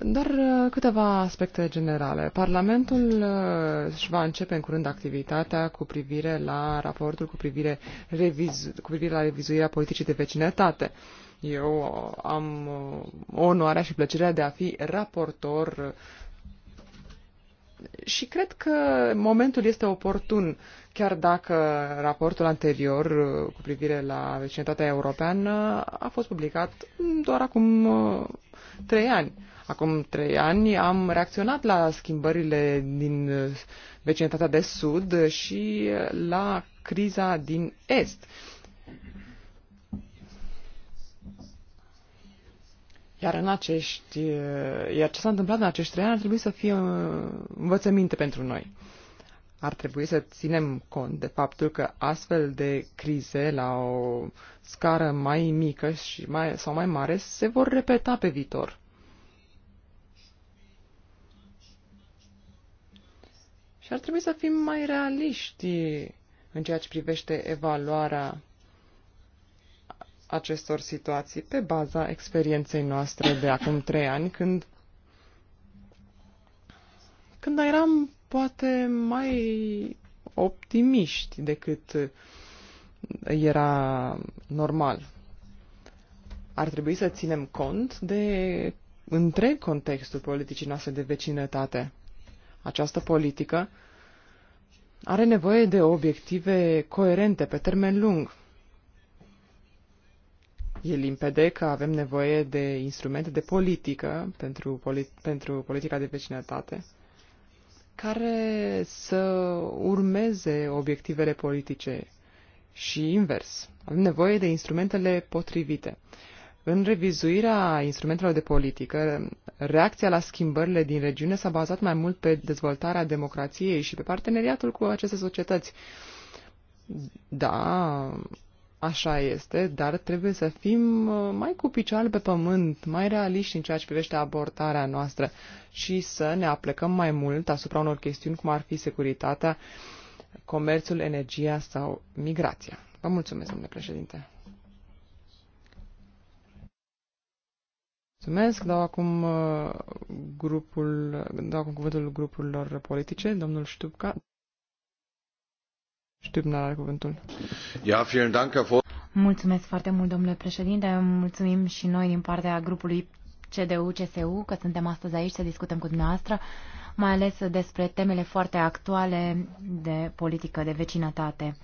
Doar uh, câteva aspecte generale. Parlamentul uh, își va începe în curând activitatea cu privire la raportul cu privire, revizu, cu privire la revizuirea politicii de vecinătate. Eu am uh, onoarea și plăcerea de a fi raportor și cred că momentul este oportun, chiar dacă raportul anterior cu privire la vecinătatea europeană a fost publicat doar acum trei ani. Acum trei ani am reacționat la schimbările din uh, vecinătatea de sud și la criza din est. Iar în acești, uh, iar ce s-a întâmplat în acești trei ani ar trebui să fie uh, învățăminte pentru noi. Ar trebui să ținem cont de faptul că astfel de crize la o scară mai mică și mai, sau mai mare se vor repeta pe viitor. Și ar trebui să fim mai realiști în ceea ce privește evaluarea acestor situații pe baza experienței noastre de acum trei ani, când, când eram poate mai optimiști decât era normal. Ar trebui să ținem cont de întreg contextul politicii noastre de vecinătate. Această politică are nevoie de obiective coerente pe termen lung. E limpede că avem nevoie de instrumente de politică pentru, polit- pentru politica de vecinătate care să urmeze obiectivele politice și invers. Avem nevoie de instrumentele potrivite. În revizuirea instrumentelor de politică, reacția la schimbările din regiune s-a bazat mai mult pe dezvoltarea democrației și pe parteneriatul cu aceste societăți. Da, așa este, dar trebuie să fim uh, mai cu picioarele pe pământ, mai realiști în ceea ce privește abordarea noastră și să ne aplecăm mai mult asupra unor chestiuni cum ar fi securitatea, comerțul, energia sau migrația. Vă mulțumesc, domnule președinte. Mulțumesc. Dau acum, uh, grupul, dau acum cuvântul grupurilor politice. Domnul Ștupca. Ștupna are cuvântul. Ja, vielen Dank, Mulțumesc foarte mult, domnule președinte. Mulțumim și noi din partea grupului CDU-CSU că suntem astăzi aici să discutăm cu dumneavoastră, mai ales despre temele foarte actuale de politică de vecinătate.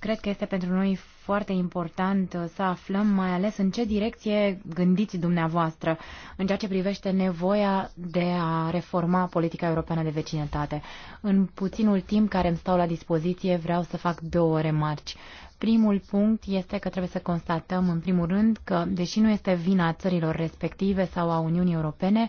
Cred că este pentru noi foarte important uh, să aflăm mai ales în ce direcție gândiți dumneavoastră în ceea ce privește nevoia de a reforma politica europeană de vecinătate. În puținul timp care îmi stau la dispoziție vreau să fac două remarci. Primul punct este că trebuie să constatăm în primul rând că, deși nu este vina țărilor respective sau a Uniunii Europene,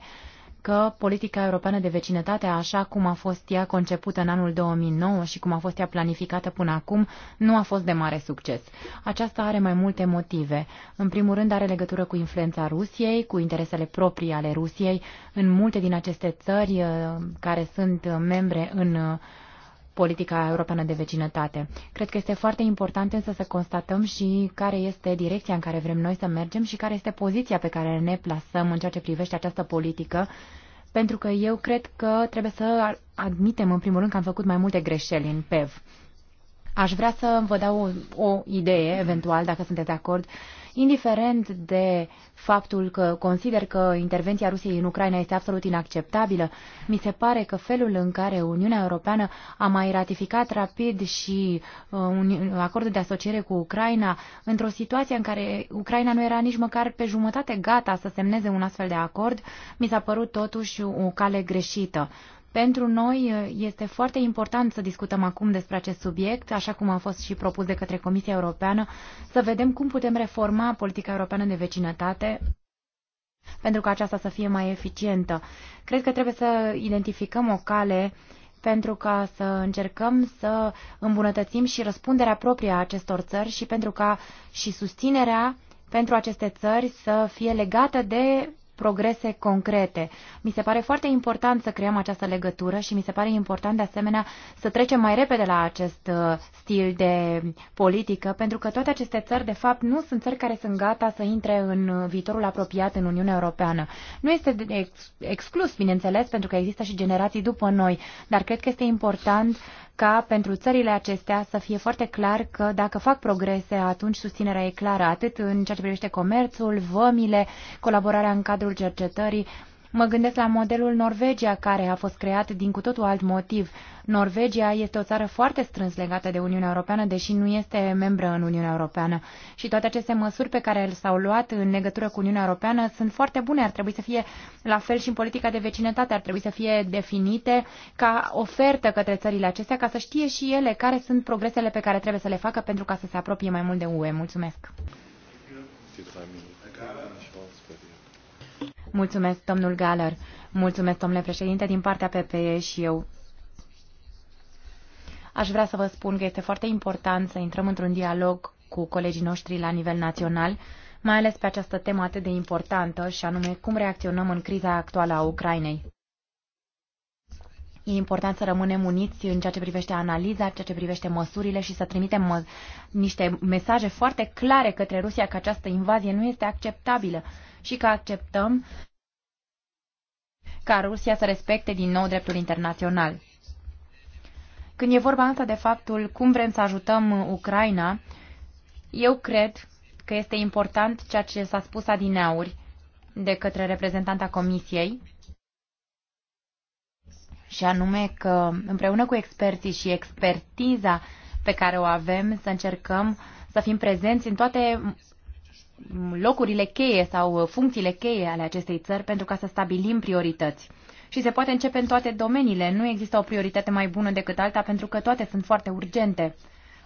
că politica europeană de vecinătate, așa cum a fost ea concepută în anul 2009 și cum a fost ea planificată până acum, nu a fost de mare succes. Aceasta are mai multe motive. În primul rând are legătură cu influența Rusiei, cu interesele proprii ale Rusiei în multe din aceste țări uh, care sunt uh, membre în uh, politica europeană de vecinătate. Cred că este foarte important însă să constatăm și care este direcția în care vrem noi să mergem și care este poziția pe care ne plasăm în ceea ce privește această politică, pentru că eu cred că trebuie să admitem în primul rând că am făcut mai multe greșeli în PEV. Aș vrea să vă dau o, o idee, eventual, dacă sunteți de acord, uh, indiferent de faptul că consider că intervenția Rusiei în Ucraina este absolut inacceptabilă, mi se pare că felul în care Uniunea Europeană a mai ratificat rapid și uh, un acord de asociere cu Ucraina într-o situație în care Ucraina nu era nici măcar pe jumătate gata să semneze un astfel de acord, mi s-a părut totuși o cale greșită. Pentru noi este foarte important să discutăm acum despre acest subiect, așa cum a fost și propus de către Comisia Europeană, să vedem cum putem reforma politica europeană de vecinătate pentru ca aceasta să fie mai eficientă. Cred că trebuie să identificăm o cale pentru ca să încercăm să îmbunătățim și răspunderea proprie a acestor țări și pentru ca și susținerea pentru aceste țări să fie legată de progrese concrete. Mi se pare foarte important să creăm această legătură și mi se pare important de asemenea să trecem mai repede la acest uh, stil de politică, pentru că toate aceste țări, de fapt, nu sunt țări care sunt gata să intre în uh, viitorul apropiat în Uniunea Europeană. Nu este exclus, bineînțeles, pentru că există și generații după noi, dar cred că este important ca pentru țările acestea să fie foarte clar că dacă fac progrese, atunci susținerea e clară, atât în ceea ce privește comerțul, vămile, colaborarea în cadrul cercetării, Mă gândesc la modelul Norvegia, care a fost creat din cu totul alt motiv. Norvegia este o țară foarte strâns legată de Uniunea Europeană, deși nu este membră în Uniunea Europeană. Și toate aceste măsuri pe care s-au luat în legătură cu Uniunea Europeană sunt foarte bune. Ar trebui să fie la fel și în politica de vecinătate, ar trebui să fie definite ca ofertă către țările acestea, ca să știe și ele care sunt progresele pe care trebuie să le facă pentru ca să se apropie mai mult de UE. Mulțumesc! Mulțumesc. Mulțumesc, domnul Galler. Mulțumesc, domnule președinte, din partea PPE și eu. Aș vrea să vă spun că este foarte important să intrăm într-un dialog cu colegii noștri la nivel național, mai ales pe această temă atât de importantă, și anume cum reacționăm în criza actuală a Ucrainei. E important să rămânem uniți în ceea ce privește analiza, în ceea ce privește măsurile și să trimitem mă niște mesaje foarte clare către Rusia că această invazie nu este acceptabilă și că acceptăm ca Rusia să respecte din nou dreptul internațional. Când e vorba însă de faptul cum vrem să ajutăm Ucraina, eu cred că este important ceea ce s-a spus adineauri de către reprezentanta Comisiei, și anume că împreună cu experții și expertiza pe care o avem, să încercăm să fim prezenți în toate locurile cheie sau funcțiile cheie ale acestei țări pentru ca să stabilim priorități. Și se poate începe în toate domeniile, nu există o prioritate mai bună decât alta pentru că toate sunt foarte urgente.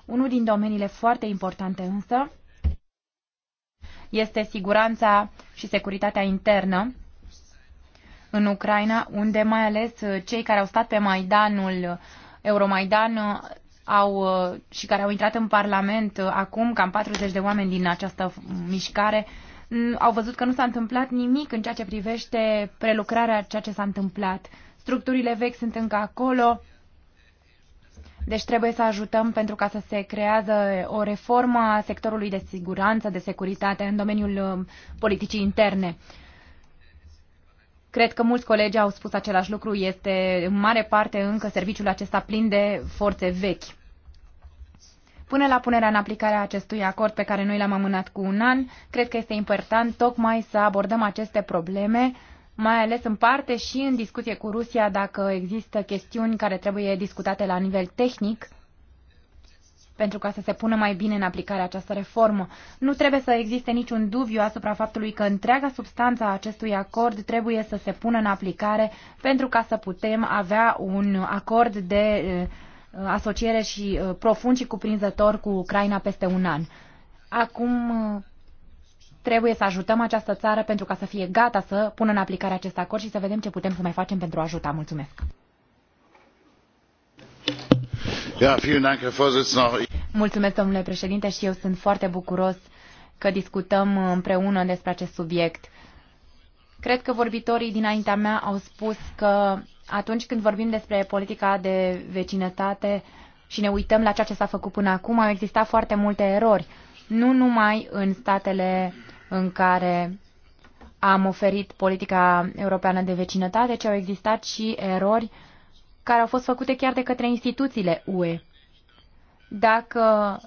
Unul din domeniile foarte importante însă este siguranța și securitatea internă, în Ucraina, unde mai ales uh, cei care au stat pe Maidanul uh, Euromaidan uh, au, și care au intrat în Parlament acum, cam 40 de oameni din această mișcare, au văzut că nu s-a întâmplat nimic în ceea ce privește prelucrarea ceea ce s-a întâmplat. Structurile vechi sunt încă acolo, deci trebuie să ajutăm pentru ca să se creează o reformă a sectorului de siguranță, de securitate în domeniul politicii interne. Cred că mulți colegi au spus același lucru. Este în mare parte încă serviciul acesta plin de forțe vechi. Până la punerea în aplicare a acestui acord pe care noi l-am amânat cu un an, cred că este important tocmai să abordăm aceste probleme, mai ales în parte și în discuție cu Rusia dacă există chestiuni care trebuie discutate la nivel tehnic pentru ca să se pună mai bine în aplicare această reformă. Nu trebuie să existe niciun dubiu asupra faptului că întreaga substanță a acestui acord trebuie să se pună în aplicare pentru ca să putem avea un acord de eh, asociere și eh, profund și cuprinzător cu Ucraina peste un an. Acum eh, trebuie să ajutăm această țară pentru ca să fie gata să pună în aplicare acest acord și să vedem ce putem să mai facem pentru a ajuta. Mulțumesc! Mulțumesc, domnule președinte, și eu sunt foarte bucuros că discutăm împreună despre acest subiect. Cred că vorbitorii dinaintea mea au spus că atunci când vorbim despre politica de vecinătate și ne uităm la ceea ce s-a făcut până acum, au existat foarte multe erori, nu numai în statele în care am oferit politica europeană de vecinătate, ci au existat și erori uh, care au fost făcute chiar de către instituțiile UE. Dacă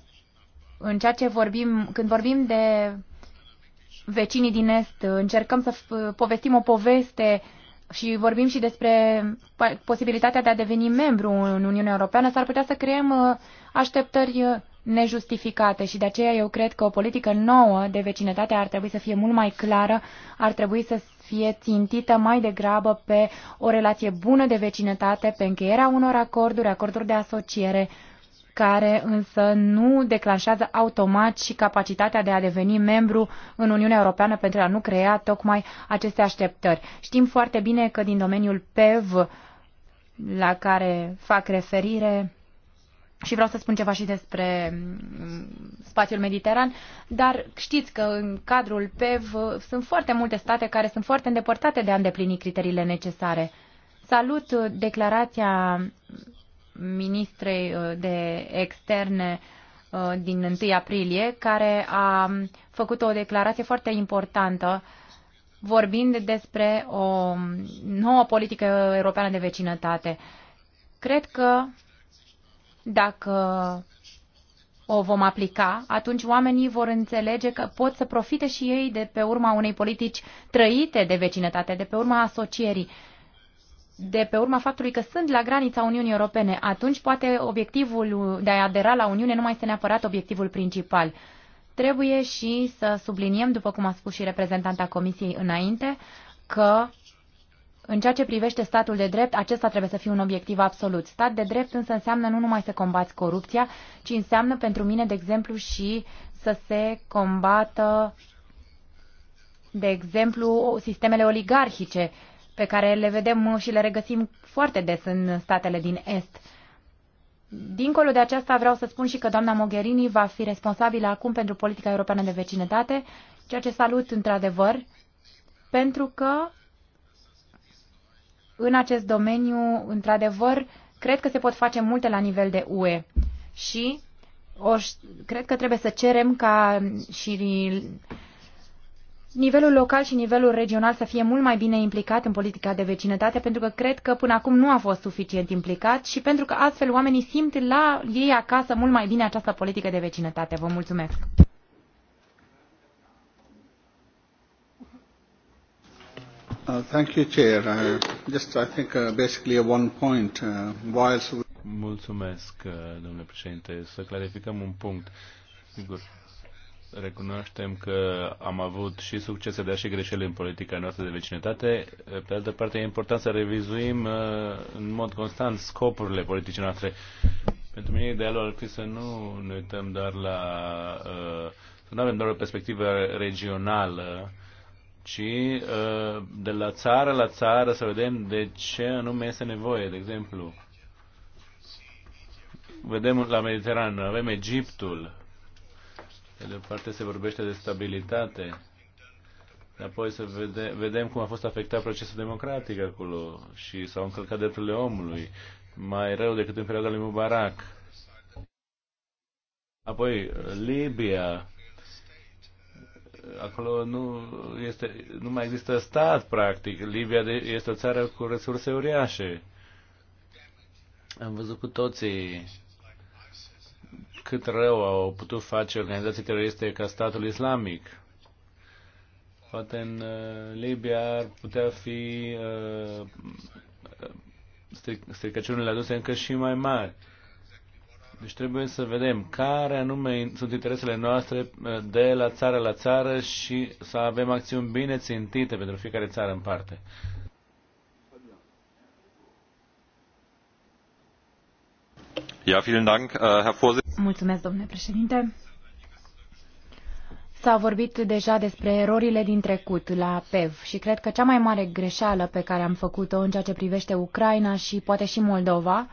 în ceea ce vorbim, când vorbim de vecinii din Est, încercăm să povestim o poveste și vorbim și despre posibilitatea de a deveni membru în Uniunea Europeană, s-ar putea să creăm uh, așteptări uh, nejustificate și de aceea eu cred că o politică nouă de vecinătate ar trebui să fie mult mai clară, ar trebui să fie țintită mai degrabă pe o relație bună de vecinătate, pe încheierea unor acorduri, acorduri de asociere, care însă nu declanșează automat și capacitatea de a deveni membru în Uniunea Europeană pentru a nu crea tocmai aceste așteptări. Știm foarte bine că din domeniul PEV la care fac referire și vreau să spun ceva și despre mm, spațiul mediteran, dar știți că în cadrul PEV sunt foarte multe state care sunt foarte îndepărtate de a îndeplini criteriile necesare. Salut uh, declarația ministrei uh, de externe uh, din 1 aprilie, care a făcut o declarație foarte importantă vorbind despre o nouă politică europeană de vecinătate. Cred că dacă o vom aplica, atunci oamenii vor înțelege că pot să profite și ei de pe urma unei politici trăite de vecinătate, de pe urma asocierii, de pe urma faptului că sunt la granița Uniunii Europene. Atunci poate obiectivul de a adera la Uniune nu mai este neapărat obiectivul principal. Trebuie și să subliniem, după cum a spus și reprezentanta Comisiei înainte, că în ceea ce privește statul de drept, acesta trebuie să fie un obiectiv absolut. Stat de drept însă înseamnă nu numai să combați corupția, ci înseamnă pentru mine, de exemplu, și să se combată, de exemplu, sistemele oligarhice pe care le vedem și le regăsim foarte des în statele din Est. Dincolo de aceasta, vreau să spun și că doamna Mogherini va fi responsabilă acum pentru politica europeană de vecinătate, ceea ce salut într-adevăr, pentru că în acest domeniu, într-adevăr, cred că se pot face multe la nivel de UE și o, cred că trebuie să cerem ca și nivelul local și nivelul regional să fie mult mai bine implicat în politica de vecinătate, pentru că cred că până acum nu a fost suficient implicat și pentru că astfel oamenii simt la ei acasă mult mai bine această politică de vecinătate. Vă mulțumesc! Mulțumesc, domnule președinte. Să clarificăm un punct. Sigur, recunoaștem că am avut și succese, dar și greșeli în politica noastră de vecinătate. Uh, pe altă parte, e important să revizuim uh, în mod constant scopurile politicii noastre. Pentru mine, idealul ar fi să nu ne uităm doar la. Uh, să nu avem doar o perspectivă regională ci uh, de la țară la țară să vedem de ce anume este nevoie. De exemplu, vedem la Mediterană, avem Egiptul, de o parte se vorbește de stabilitate, apoi să vede, vedem cum a fost afectat procesul democratic acolo și s-au încălcat drepturile omului, mai rău decât în perioada lui Mubarak. Apoi, Libia, acolo nu, este, nu mai există stat, practic. Libia este o țară cu resurse uriașe. Am văzut cu toții cât rău au putut face organizații teroriste ca statul islamic. Poate în uh, Libia ar putea fi uh, stricăciunile aduse încă și mai mari. Uh, deci trebuie să vedem care anume sunt interesele noastre uh, de la țară la țară și să avem acțiuni bine țintite pentru fiecare țară în parte. Ja, vielen Dank, äh, Herr Vorsitzender. Mulțumesc, domnule președinte. S-a vorbit deja despre erorile din trecut la PEV și cred că cea mai mare greșeală pe care am făcut-o în ceea ce privește Ucraina și poate și Moldova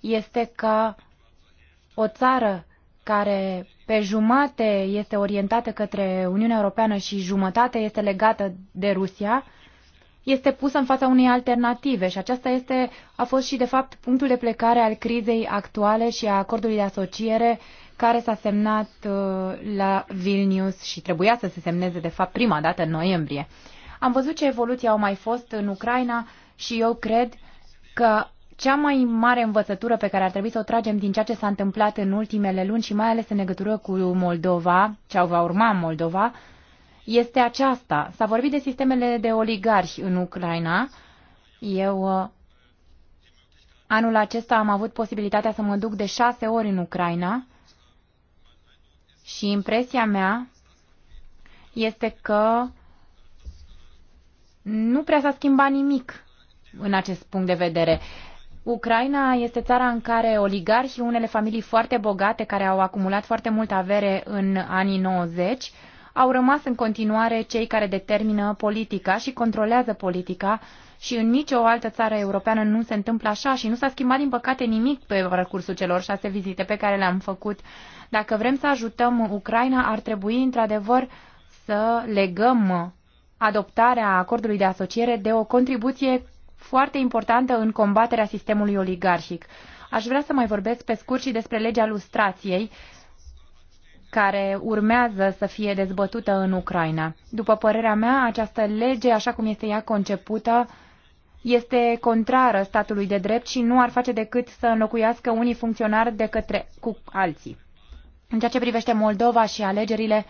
este că o țară care pe jumate este orientată către Uniunea Europeană și jumătate este legată de Rusia, este pusă în fața unei alternative și aceasta este, a fost și de fapt punctul de plecare al crizei actuale și a acordului de asociere care s-a semnat uh, la Vilnius și trebuia să se semneze de fapt prima dată în noiembrie. Am văzut ce evoluții au mai fost în Ucraina și eu cred că cea mai mare învățătură pe care ar trebui să o tragem din ceea ce s-a întâmplat în ultimele luni și mai ales în legătură cu Moldova, ce va urma în Moldova, este aceasta. S-a vorbit de sistemele de oligarhi în Ucraina. Eu uh, anul acesta am avut posibilitatea să mă duc de șase ori în Ucraina și impresia mea este că nu prea s-a schimbat nimic în acest punct de vedere. Ucraina este țara în care oligarhi unele familii foarte bogate care au acumulat foarte mult avere în anii 90 au rămas în continuare cei care determină politica și controlează politica și în nicio altă țară europeană nu se întâmplă așa și nu s-a schimbat din păcate nimic pe parcursul celor șase vizite pe care le-am făcut. Dacă vrem să ajutăm Ucraina, ar trebui într-adevăr să legăm adoptarea acordului de asociere de o contribuție foarte importantă în combaterea sistemului oligarhic. Aș vrea să mai vorbesc pe scurt și despre legea lustrației, care urmează să fie dezbătută în Ucraina. După părerea mea, această lege, așa cum este ea concepută, este contrară statului de drept și nu ar face decât să înlocuiască unii funcționari de către cu alții. În ceea ce privește Moldova și alegerile,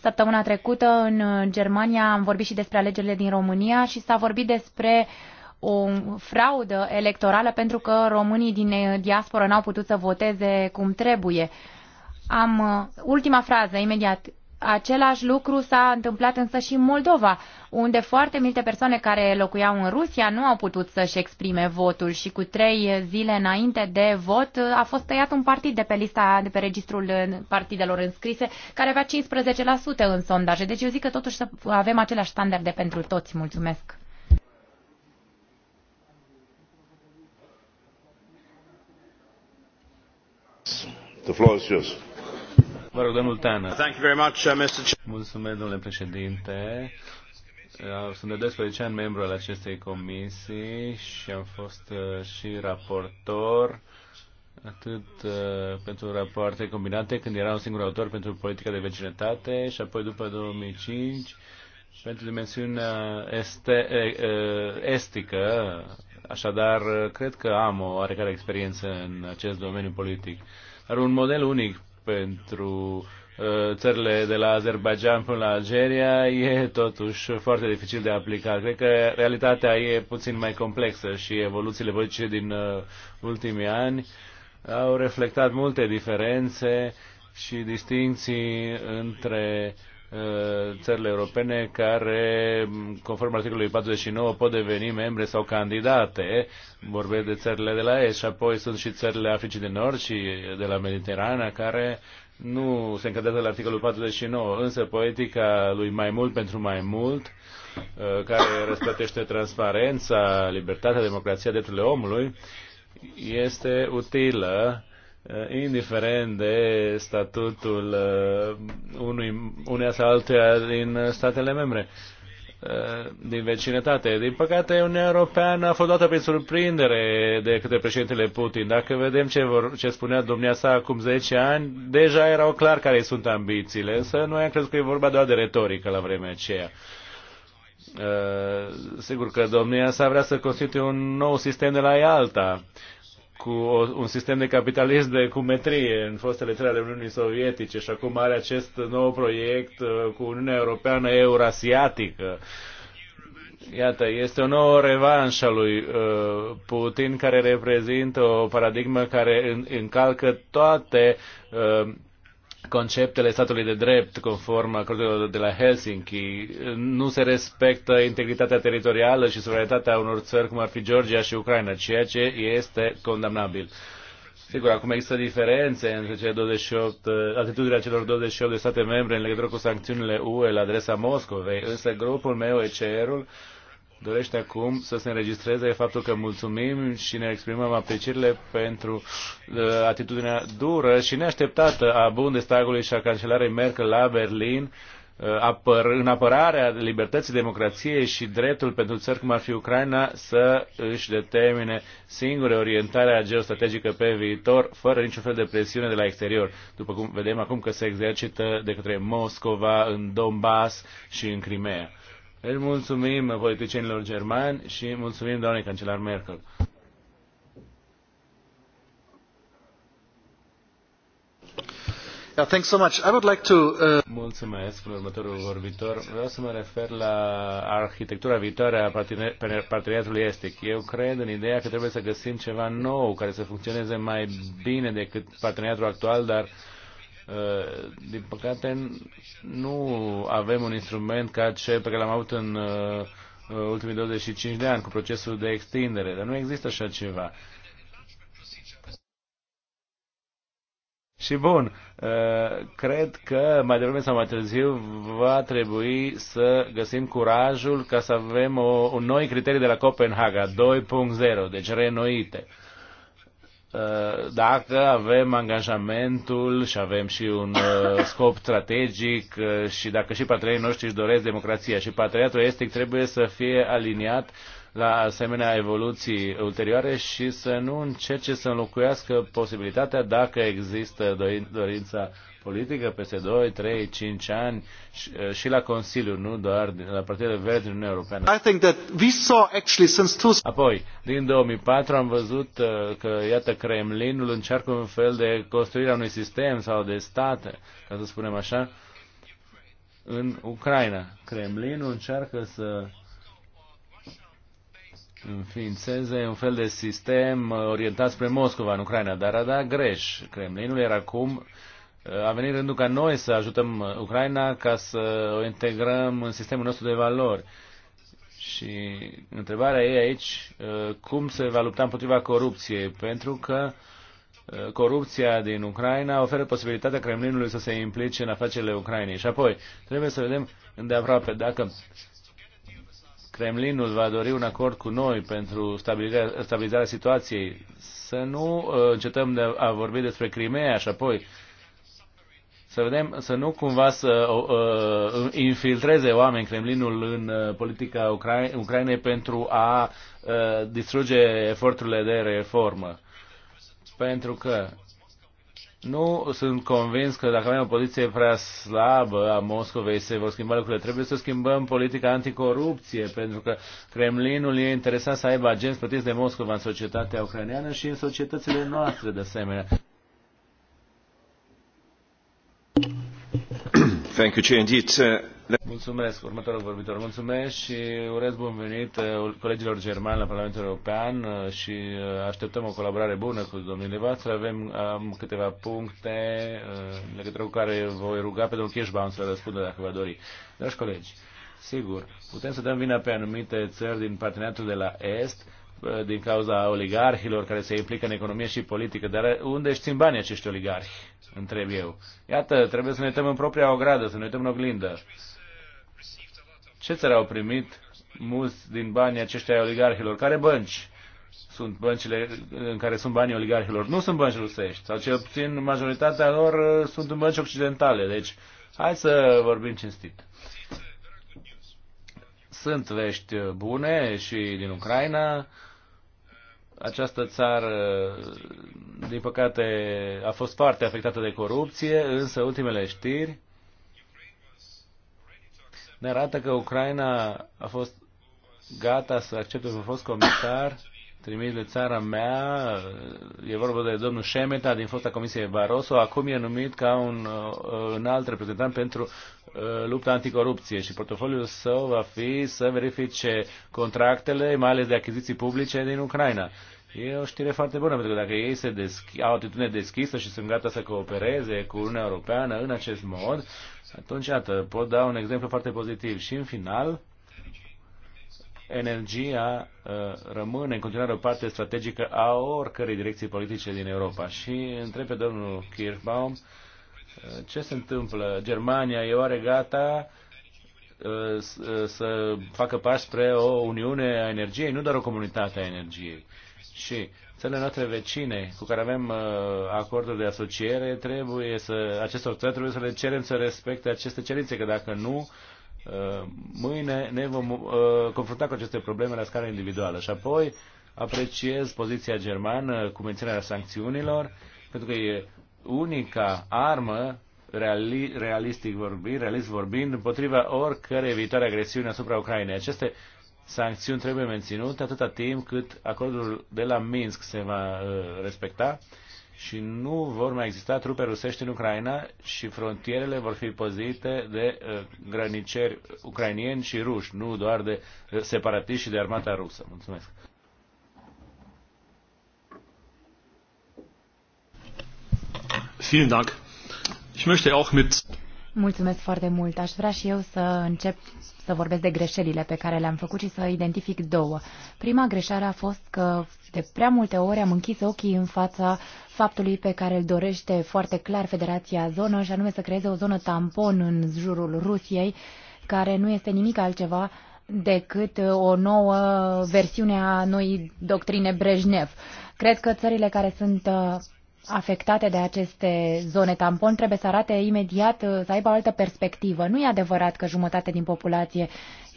Săptămâna trecută în Germania am vorbit și despre alegerile din România și s-a vorbit despre o fraudă electorală pentru că românii din eh, diasporă n-au putut să voteze cum trebuie. Am eh, ultima frază imediat. Același lucru s-a întâmplat însă și în Moldova, unde foarte multe persoane care locuiau în Rusia nu au putut să-și exprime votul și cu trei zile înainte de vot a fost tăiat un partid de pe lista, de pe registrul partidelor înscrise, care avea 15% în sondaje. Deci eu zic că totuși să avem aceleași standarde pentru toți. Mulțumesc! The floor is yours. Vă rog, domnul Tană. Uh, Mulțumesc, domnule președinte. Uh, sunt de 12 ani membru al acestei comisii și am fost uh, și raportor atât pentru rapoarte combinate, când era un singur autor pentru politica de vecinătate și apoi după 2005 pentru dimensiunea este, estică, așadar cred că am o oarecare experiență în acest domeniu politic. Dar un model unic pentru uh, țările de la Azerbaijan până la Algeria e totuși foarte dificil de aplicat. Cred că realitatea e puțin mai complexă și evoluțiile politice din uh, ultimii ani au reflectat multe diferențe și distinții între uh, Uh, țările europene care, conform articolului 49, pot deveni membre sau candidate. Vorbesc de țările de la Est și apoi sunt și țările Africii de Nord și de la Mediterana care nu se încadrează la articolul 49, însă poetica lui mai mult pentru mai mult, uh, care răsplătește transparența, libertatea, democrația, drepturile omului, este utilă Eh, indiferent de statutul eh, unui, unei sau altuia din statele membre eh, din vecinătate. Din păcate, Uniunea Europeană a fost dată prin surprindere de către președintele Putin. Dacă vedem ce, vor, ce spunea domnia sa acum 10 ani, deja erau clar care sunt ambițiile, însă noi am crezut că e vorba doar de retorică la vremea aceea. Uh, sigur că domnia sa vrea să constituie un nou sistem de la Ialta. Uh, cu o, un sistem de capitalism de cumetrie în fostele țări ale Uniunii Sovietice și acum are acest nou proiect uh, cu Uniunea Europeană Eurasiatică. Iată, este o nouă revanșă a lui uh, Putin care reprezintă o paradigmă care în, încalcă toate uh, conceptele statului de drept conform acordului de la Helsinki, nu se respectă integritatea teritorială și suveranitatea unor țări cum ar fi Georgia și Ucraina, ceea ce este condamnabil. Sigur, acum există diferențe între cele 28, uh, atitudinea celor 28 de state membre în legătură cu sancțiunile UE la adresa Moscovei, însă grupul meu, ECR-ul, dorește acum să se înregistreze faptul că mulțumim și ne exprimăm aprecierile pentru uh, atitudinea dură și neașteptată a Bundestagului și a cancelarei Merkel la Berlin uh, apăr, în apărarea libertății, democrației și dreptul pentru țări cum ar fi Ucraina să își determine singure orientarea geostrategică pe viitor, fără niciun fel de presiune de la exterior, după cum vedem acum că se exercită de către Moscova, în Donbass și în Crimea. Îl mulțumim politicienilor germani și mulțumim doamnei cancelar Merkel. Yeah, thanks so much. I would like to, uh... Mulțumesc, următorul vorbitor. Vreau să mă refer la arhitectura viitoare a parteneriatului estic. Eu cred în ideea că trebuie să găsim ceva nou care să funcționeze mai bine decât parteneriatul actual, dar uh, Eh, din păcate, nu avem un instrument ca cel pe care l-am avut în eh, ultimii 25 de ani cu procesul de extindere, dar nu există așa ceva. Și bun, eh, cred că mai devreme sau mai târziu va trebui să găsim curajul ca să avem o, un noi criterii de la Copenhaga 2.0, deci renoite. Eh, dacă avem angajamentul și avem și un eh, scop strategic eh, și dacă și partenerii noștri își doresc democrația și parteneriatul estic trebuie să fie aliniat la asemenea evoluții ulterioare și să nu încerce să înlocuiască posibilitatea dacă există dorința politică peste 2, 3, 5 ani și, la Consiliu, nu doar la Partidul Verde din Uniunea Europeană. I think that we saw actually since two... Apoi, din 2004 am văzut că, iată, Kremlinul încearcă un fel de construirea unui sistem sau de stat, ca să spunem așa, în Ucraina. Kremlinul încearcă să înființeze un fel de sistem orientat spre Moscova în Ucraina, dar a dat greș. Kremlinul era acum a venit rândul ca noi să ajutăm uh, Ucraina ca să o integrăm în sistemul nostru de valori. Și întrebarea e aici uh, cum se va lupta împotriva corupției, pentru că uh, corupția din Ucraina oferă posibilitatea Kremlinului să se implice în afacerile Ucrainei. Și apoi trebuie să vedem îndeaproape dacă Kremlinul va dori un acord cu noi pentru stabilizarea, stabilizarea situației, să nu încetăm de a vorbi despre Crimea și apoi să vedem, să nu cumva să uh, infiltreze oameni Kremlinul în uh, politica Ucra- Ucrainei pentru a uh, distruge eforturile de reformă. Pentru că nu sunt convins că dacă avem o poziție prea slabă a Moscovei se vor schimba lucrurile. Trebuie să schimbăm politica anticorupție, pentru că Kremlinul e interesat să aibă agenți plătiți de Moscova în societatea ucraineană și în societățile noastre de asemenea. Thank you, Chair. Indeed, uh, Mulțumesc, următorul vorbitor. Mulțumesc și urez bun venit uh, colegilor germani la Parlamentul European uh, și uh, așteptăm o colaborare bună cu domnile voastre. Avem am câteva puncte în legătură cu care voi ruga pe domnul Kirschbaum să răspundă dacă va dori. Dragi colegi, sigur, putem să dăm vina pe anumite țări din parteneriatul de la Est, Eh, din cauza oligarhilor care se implică în economie și politică. Dar eh, unde își țin banii acești oligarhi? Întreb eu. Iată, trebuie să ne uităm în propria ogradă, să ne uităm în oglindă. Ce țări au primit mulți din banii aceștia oligarhilor? Care bănci? Sunt băncile în care sunt banii oligarhilor. Nu sunt bănci rusești, sau cel puțin majoritatea lor eh, sunt în bănci occidentale. Deci, hai să vorbim cinstit sunt vești bune și din Ucraina această țară, din păcate, a fost foarte afectată de corupție, însă ultimele știri ne arată că Ucraina a fost gata să accepte un fost comisar trimis de țara mea, e vorba de domnul Șemeta din fosta Comisie Barroso, acum e numit ca un, un uh, alt reprezentant pentru uh, lupta anticorupție și portofoliul său va fi să verifice contractele, mai ales de achiziții publice din Ucraina. E o știre foarte bună, pentru că dacă ei se deschi- au atitudine deschisă și sunt gata să coopereze cu Uniunea Europeană în acest mod, atunci, iată, pot da un exemplu foarte pozitiv. Și în final, energia uh, rămâne în continuare o parte strategică a oricărei direcții politice din Europa. Și întreb pe domnul Kirchbaum uh, ce se întâmplă. Germania e oare gata uh, să facă pas spre o uniune a energiei, nu doar o comunitate a energiei. Și țările noastre vecine cu care avem uh, acorduri de asociere, trebuie să, acestor țări trebuie să le cerem să respecte aceste cerințe, că dacă nu, Uh, mâine ne vom uh, confrunta cu aceste probleme la scară individuală și apoi apreciez poziția germană cu menținerea sancțiunilor, pentru că e unica armă reali, realistic vorbind, realist vorbind, împotriva oricărei viitoare agresiuni asupra Ucrainei. Aceste sancțiuni trebuie menținute atâta timp cât acordul de la Minsk se va uh, respecta și nu vor mai exista trupe rusești în Ucraina și frontierele vor fi păzite de uh, graniceri ucrainieni și ruși, nu doar de uh, separatiști și de armata rusă. Mulțumesc. Vielen Dank. Ich möchte auch mit Mulțumesc foarte mult. Aș vrea și eu să încep să vorbesc de greșelile pe care le-am făcut și să identific două. Prima greșeală a fost că de prea multe ori am închis ochii în fața faptului pe care îl dorește foarte clar Federația Zonă și anume să creeze o zonă tampon în jurul Rusiei, care nu este nimic altceva decât o nouă versiune a noii doctrine Brejnev. Cred că țările care sunt afectate de aceste zone tampon trebuie să arate imediat, uh, să aibă o altă perspectivă. Nu e adevărat că jumătate din populație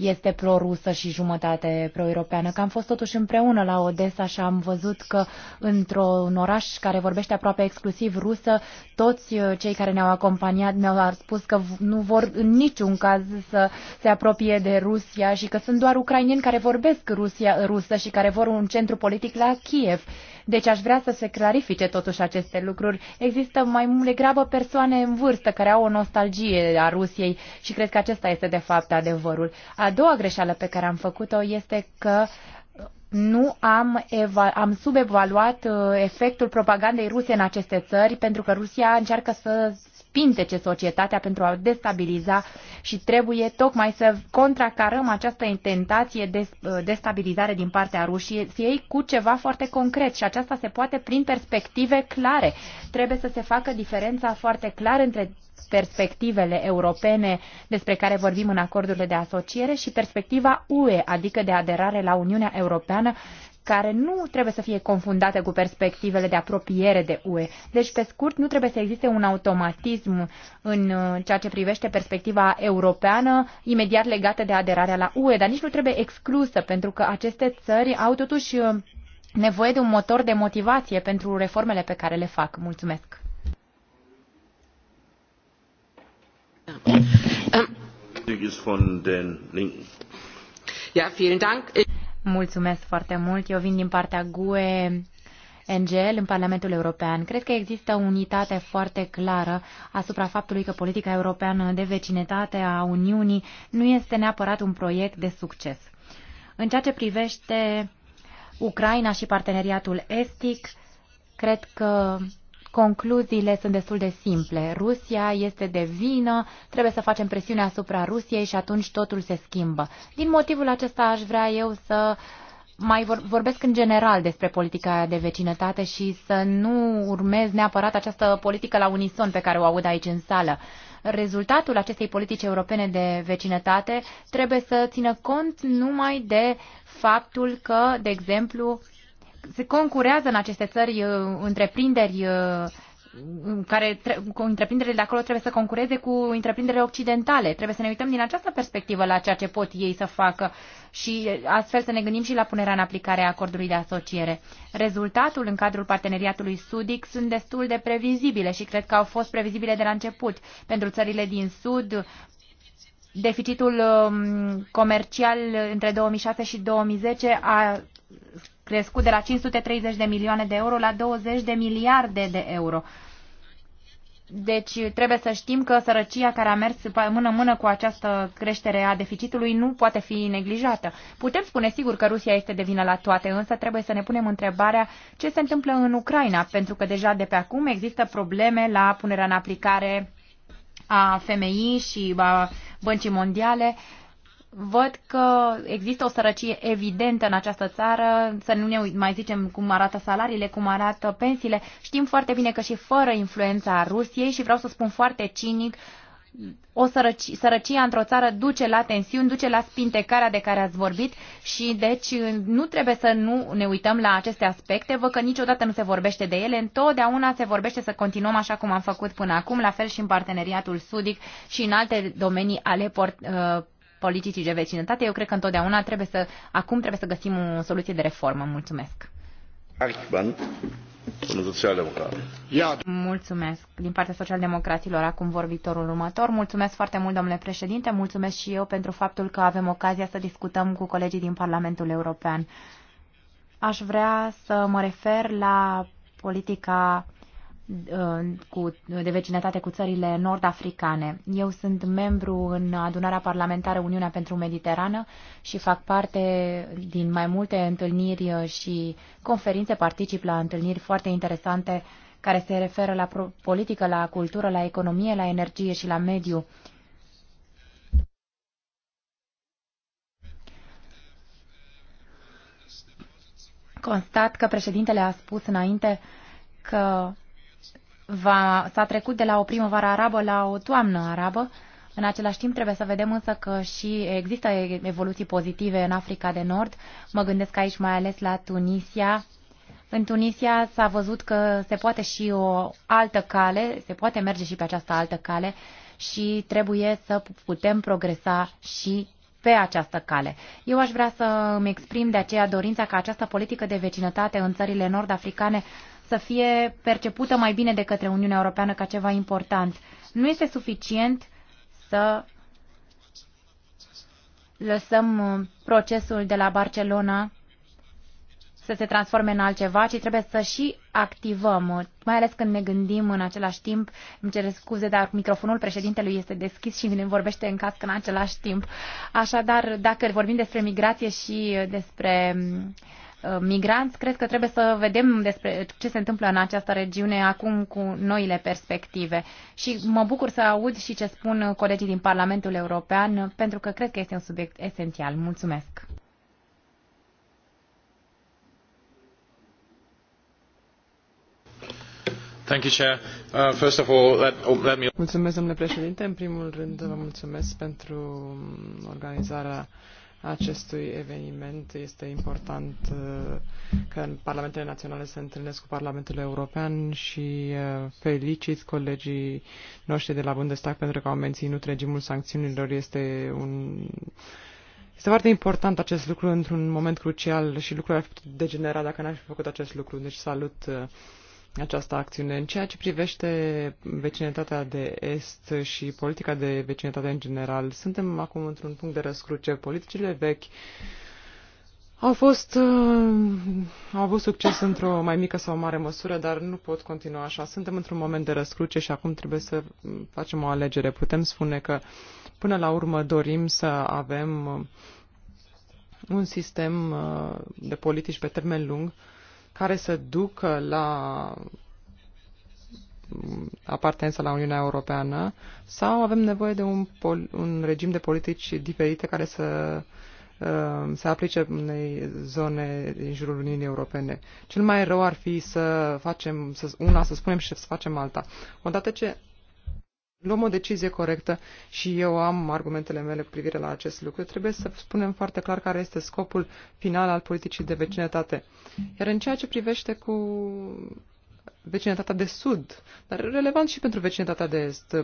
este prorusă și jumătate pro-europeană. Că am fost totuși împreună la Odessa și am văzut că într-un oraș care vorbește aproape exclusiv rusă, toți uh, cei care ne-au acompaniat ne-au spus că nu vor în niciun caz să se apropie de Rusia și că sunt doar ucrainieni care vorbesc Rusia, rusă și care vor un centru politic la Kiev. Deci aș vrea să se clarifice totuși aceste lucruri. Există mai degrabă persoane în vârstă care au o nostalgie a Rusiei și cred că acesta este de fapt adevărul. A doua greșeală pe care am făcut-o este că nu am, am subevaluat uh, efectul propagandei ruse în aceste țări, pentru că Rusia încearcă să spintece societatea pentru a destabiliza și trebuie tocmai să contracarăm această intentație de uh, destabilizare din partea Rusiei cu ceva foarte concret și aceasta se poate prin perspective clare. Trebuie să se facă diferența foarte clară între perspectivele europene despre care vorbim în acordurile de asociere și perspectiva UE, adică de aderare la Uniunea Europeană, care nu trebuie să fie confundate cu perspectivele de apropiere de UE. Deci, pe scurt, nu trebuie să existe un automatism în uh, ceea ce privește perspectiva europeană imediat legată de aderarea la UE, dar nici nu trebuie exclusă, pentru că aceste țări au totuși uh, nevoie de un motor de motivație pentru reformele pe care le fac. Mulțumesc! Mulțumesc foarte mult. Eu vin din partea GUE NGL în Parlamentul European. Cred că există o unitate foarte clară asupra faptului că politica europeană de vecinătate a Uniunii nu este neapărat un proiect de succes. În ceea ce privește Ucraina și parteneriatul estic, cred că Concluziile sunt destul de simple. Rusia este de vină, trebuie să facem presiune asupra Rusiei și atunci totul se schimbă. Din motivul acesta aș vrea eu să mai vorbesc în general despre politica de vecinătate și să nu urmez neapărat această politică la unison pe care o aud aici în sală. Rezultatul acestei politici europene de vecinătate trebuie să țină cont numai de faptul că, de exemplu, se concurează în aceste țări uh, întreprinderi uh, în care cu întreprinderile de acolo trebuie să concureze cu întreprinderile occidentale. Trebuie să ne uităm din această perspectivă la ceea ce pot ei să facă și astfel să ne gândim și la punerea în aplicare a acordului de asociere. Rezultatul în cadrul parteneriatului sudic sunt destul de previzibile și cred că au fost previzibile de la început. Pentru țările din sud, deficitul um, comercial între 2006 și 2010 a crescut de la 530 de milioane de euro la 20 de miliarde de euro. Deci trebuie să știm că sărăcia care a mers mână-mână cu această creștere a deficitului nu poate fi neglijată. Putem spune sigur că Rusia este de vină la toate, însă trebuie să ne punem întrebarea ce se întâmplă în Ucraina, pentru că deja de pe acum există probleme la punerea în aplicare a FMI și a Băncii Mondiale. Uh, văd că există o sărăcie evidentă în această țară, să nu ne mai zicem cum arată salariile, cum arată pensiile. Știm foarte bine că și fără influența Rusiei și vreau să spun foarte cinic, o sărăci, sărăcia într-o țară duce la tensiuni, duce la spintecarea de care ați vorbit și deci nu trebuie să nu ne uităm la aceste aspecte. Văd că niciodată nu se vorbește de ele, întotdeauna se vorbește să continuăm așa cum am făcut până acum, la fel și în parteneriatul sudic și în alte domenii ale port, uh, politicii de vecinătate, eu cred că întotdeauna trebuie să, acum trebuie să găsim o soluție de reformă. Mulțumesc. Mulțumesc. Din partea socialdemocraților, acum vorbitorul următor. Mulțumesc foarte mult, domnule președinte. Mulțumesc și eu pentru faptul că avem ocazia să discutăm cu colegii din Parlamentul European. Aș vrea să mă refer la politica Uh, cu, de vecinătate cu țările nord-africane. Eu sunt membru în adunarea parlamentară Uniunea pentru Mediterană și fac parte din mai multe întâlniri și conferințe, particip la întâlniri foarte interesante care se referă la politică, la cultură, la economie, la energie și la mediu. Constat că președintele a spus înainte că s-a trecut de la o primăvară arabă la o toamnă arabă. În același timp trebuie să vedem însă că și există evoluții pozitive în Africa de Nord. Mă gândesc aici mai ales la Tunisia. În Tunisia s-a văzut că se poate și o altă cale, se poate merge și pe această altă cale și trebuie să putem progresa și pe această cale. Eu aș vrea să îmi exprim de aceea dorința ca această politică de vecinătate în țările nord-africane să fie percepută mai bine de către Uniunea Europeană ca ceva important. Nu este suficient să lăsăm uh, procesul de la Barcelona să se transforme în altceva, ci trebuie să și activăm, uh, mai ales când ne gândim în același timp, îmi cer scuze, dar microfonul președintelui este deschis și ne vorbește în cască în același timp. Așadar, dacă vorbim despre migrație și uh, despre uh, Uh, migranți, cred că trebuie să vedem despre ce se întâmplă în această regiune acum cu noile perspective. Și mă bucur să aud și ce spun colegii din Parlamentul European, pentru că cred că este un subiect esențial. Mulțumesc! Mulțumesc, domnule președinte. În primul rând, vă mulțumesc pentru organizarea acestui eveniment. Este important uh, că parlamentele naționale se întâlnesc cu Parlamentul European și uh, felicit colegii noștri de la Bundestag pentru că au menținut regimul sancțiunilor. Este un este foarte important acest lucru într-un moment crucial și lucrurile ar fi putut degenera dacă n-aș fi făcut acest lucru. Deci salut uh, această acțiune. În ceea ce privește vecinătatea de est și politica de vecinătate în general, suntem acum într-un punct de răscruce. Politicile vechi au fost uh, au avut succes într-o mai mică sau mare măsură, dar nu pot continua așa. Suntem într-un moment de răscruce și acum trebuie să facem o alegere. Putem spune că până la urmă dorim să avem uh, un sistem uh, de politici pe termen lung uh, care să ducă la apartența la Uniunea Europeană sau avem nevoie de un, pol, un regim de politici diferite care să uh, se aplice unei zone din jurul Uniunii Europene. Cel mai rău ar fi să facem să, una, să spunem și să facem alta. Odată ce luăm o decizie corectă și eu am argumentele mele cu privire la acest lucru, trebuie să spunem foarte clar care este scopul final al politicii de vecinătate. Iar în ceea ce privește cu vecinătatea de sud, dar relevant și pentru vecinătatea de est,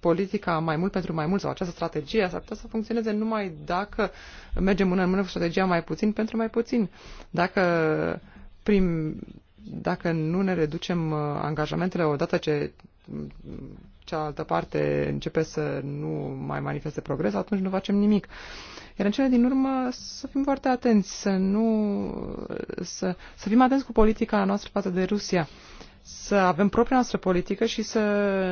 politica mai mult pentru mai mult sau această strategie s-ar putea să funcționeze numai dacă mergem mână în mână cu strategia mai puțin pentru mai puțin. Dacă prim, dacă nu ne reducem uh, angajamentele odată ce cealaltă parte începe să nu mai manifeste progres, atunci nu facem nimic. Iar în cele din urmă să fim foarte atenți, să nu să, să fim atenți cu politica noastră față de Rusia, să avem propria noastră politică și să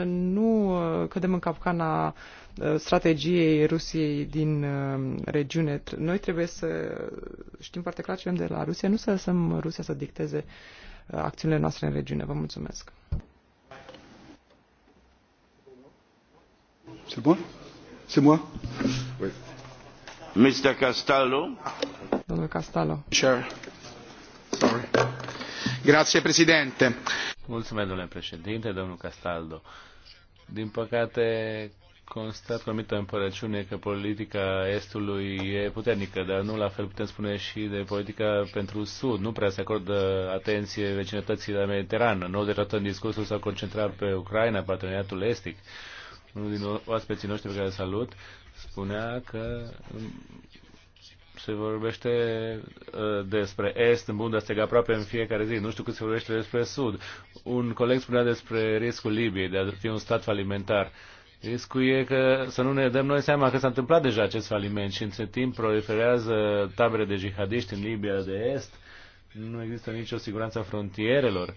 nu uh, cădem în capcana uh, strategiei Rusiei din uh, regiune. Noi trebuie să știm foarte clar ce vrem de la Rusia, nu să lăsăm Rusia să dicteze acțiunile noastre în regiune. Vă mulțumesc. C'est moi C'est moi Oui. Mr. Castaldo. Domnul Castaldo. Chair. Sorry. Grazie, Presidente. Mulțumesc, domnule președinte, domnul Castaldo. Din păcate, constat cu anumită împărăciune că politica Estului e puternică, dar nu la fel putem spune și de politica pentru Sud. Nu prea se acordă atenție vecinătății la Mediterană. 90% în discursul s-a concentrat pe Ucraina, parteneriatul estic unul din oaspeții noștri pe care salut, spunea că um, se vorbește uh, despre Est în Bundestag aproape în fiecare zi. Nu știu cât se vorbește despre Sud. Un coleg spunea despre riscul Libiei de a fi un stat falimentar. Riscul e că să nu ne dăm noi seama că s-a întâmplat deja acest faliment și între timp proliferează tabere de jihadiști în Libia de Est. Nu există nicio siguranță a frontierelor. Uh,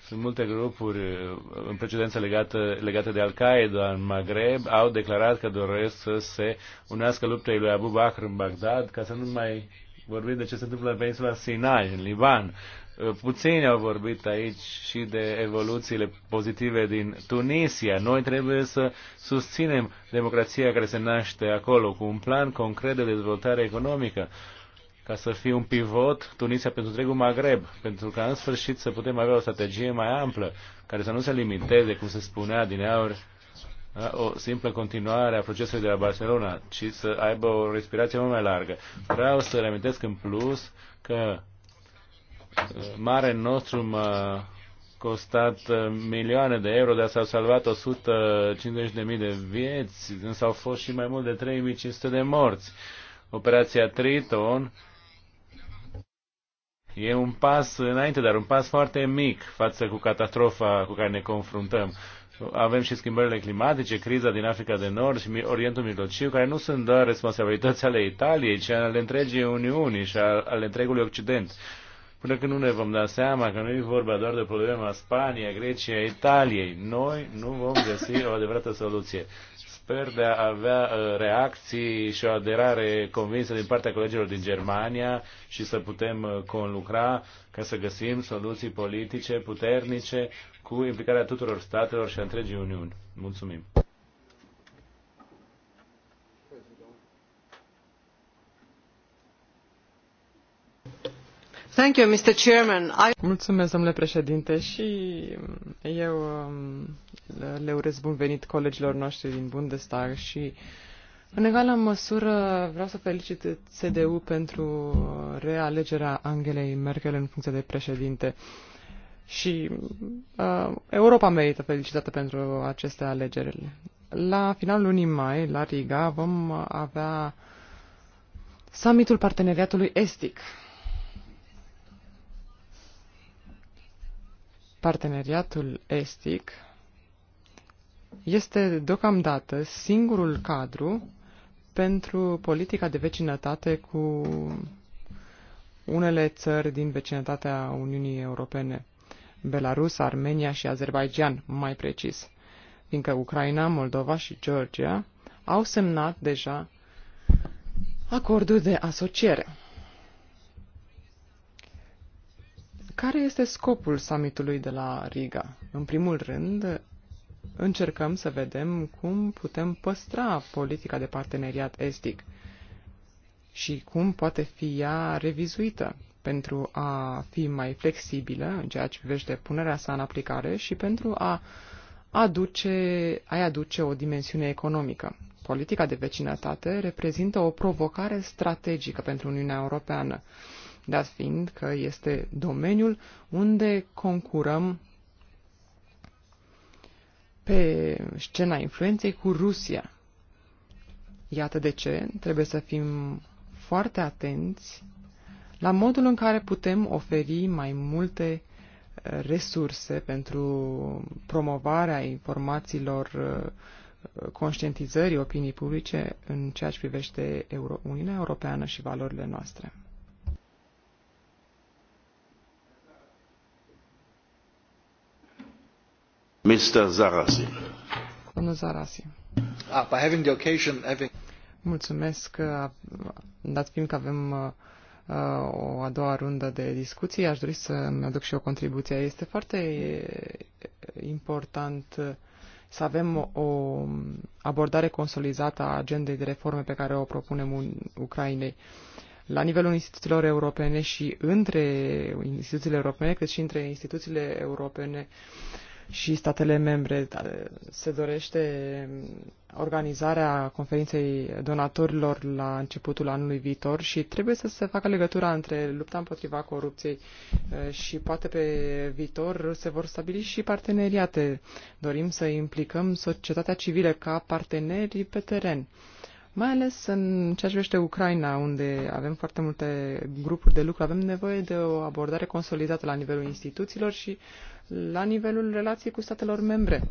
sunt multe grupuri uh, în precedență legate, legate de Al-Qaeda în Maghreb, au declarat că doresc să se unească luptei lui Abu Bakr în Bagdad, ca să nu mai vorbim de ce se întâmplă pe insula Sinai, în Liban. Uh, puțini au vorbit aici și de evoluțiile pozitive din Tunisia. Noi trebuie să susținem democrația care se naște acolo cu un plan concret de dezvoltare economică ca să fie un pivot Tunisia pentru întregul Maghreb, pentru ca în sfârșit să putem avea o strategie mai amplă, care să nu se limiteze, cum se spunea din aur, o simplă continuare a procesului de la Barcelona, ci să aibă o respirație mult mai largă. Vreau să reamintesc în plus că uh, mare nostru m-a uh, costat uh, milioane de euro, dar s-au salvat 150.000 de vieți, însă au fost și mai mult de 3.500 de morți. Operația Triton E un pas înainte, dar un pas foarte mic față cu catastrofa cu care ne confruntăm. Avem și schimbările climatice, criza din Africa de Nord și Orientul Mijlociu, care nu sunt doar responsabilități ale Italiei, ci ale întregii Uniuni și ale întregului Occident. Până când nu ne vom da seama că nu e vorba doar de problema Spania, Grecia, Italiei, noi nu vom găsi o adevărată soluție sper de a avea uh, reacții și o aderare convinsă din partea colegilor din Germania și să putem uh, conlucra ca să găsim soluții politice puternice cu implicarea tuturor statelor și a întregii Uniuni. Mulțumim! Mulțumesc, domnule președinte, și mm, eu mm, le urez bun venit colegilor noștri din Bundestag și în egală măsură vreau să felicit CDU pentru realegerea Angelei Merkel în funcție de președinte. Și mm, uh, Europa merită felicitată pentru aceste alegeri. La finalul lunii mai, la Riga, vom avea summitul parteneriatului estic Parteneriatul estic este deocamdată singurul cadru pentru politica de vecinătate cu unele țări din vecinătatea Uniunii Europene, Belarus, Armenia și Azerbaijan, mai precis, fiindcă Ucraina, Moldova și Georgia au semnat deja acorduri de asociere. Care este scopul summitului de la Riga? În primul rând, încercăm să vedem cum putem păstra politica de parteneriat estic și cum poate fi ea revizuită pentru a fi mai flexibilă în ceea ce privește punerea sa în aplicare și pentru a aduce, a aduce o dimensiune economică. Politica de vecinătate reprezintă o provocare strategică pentru Uniunea Europeană dat fiind că este domeniul unde concurăm pe scena influenței cu Rusia. Iată de ce trebuie să fim foarte atenți la modul în care putem oferi mai multe uh, resurse pentru promovarea informațiilor, uh, conștientizării opinii publice în ceea ce privește Euro- Uniunea Europeană și valorile noastre. Mr. Zarasim. Domnul Zarasim. Ah, by having the occasion, having... Mulțumesc, uh, dat fiind că avem uh, uh, o a doua rundă de discuții, aș dori să-mi aduc și o contribuție. Este foarte important să avem o abordare consolidată a agendei de reforme pe care o propunem Ucrainei la nivelul instituțiilor europene și între instituțiile europene, cât și între instituțiile europene și statele membre. Da, se dorește organizarea conferinței donatorilor la începutul anului viitor și trebuie să se facă legătura între lupta împotriva corupției eh, și poate pe viitor se vor stabili și parteneriate. Dorim să implicăm societatea civilă ca parteneri pe teren mai ales în ceea ce privește Ucraina, unde avem foarte multe grupuri de lucru, avem nevoie de o abordare consolidată la nivelul instituțiilor și la nivelul relației cu statelor membre.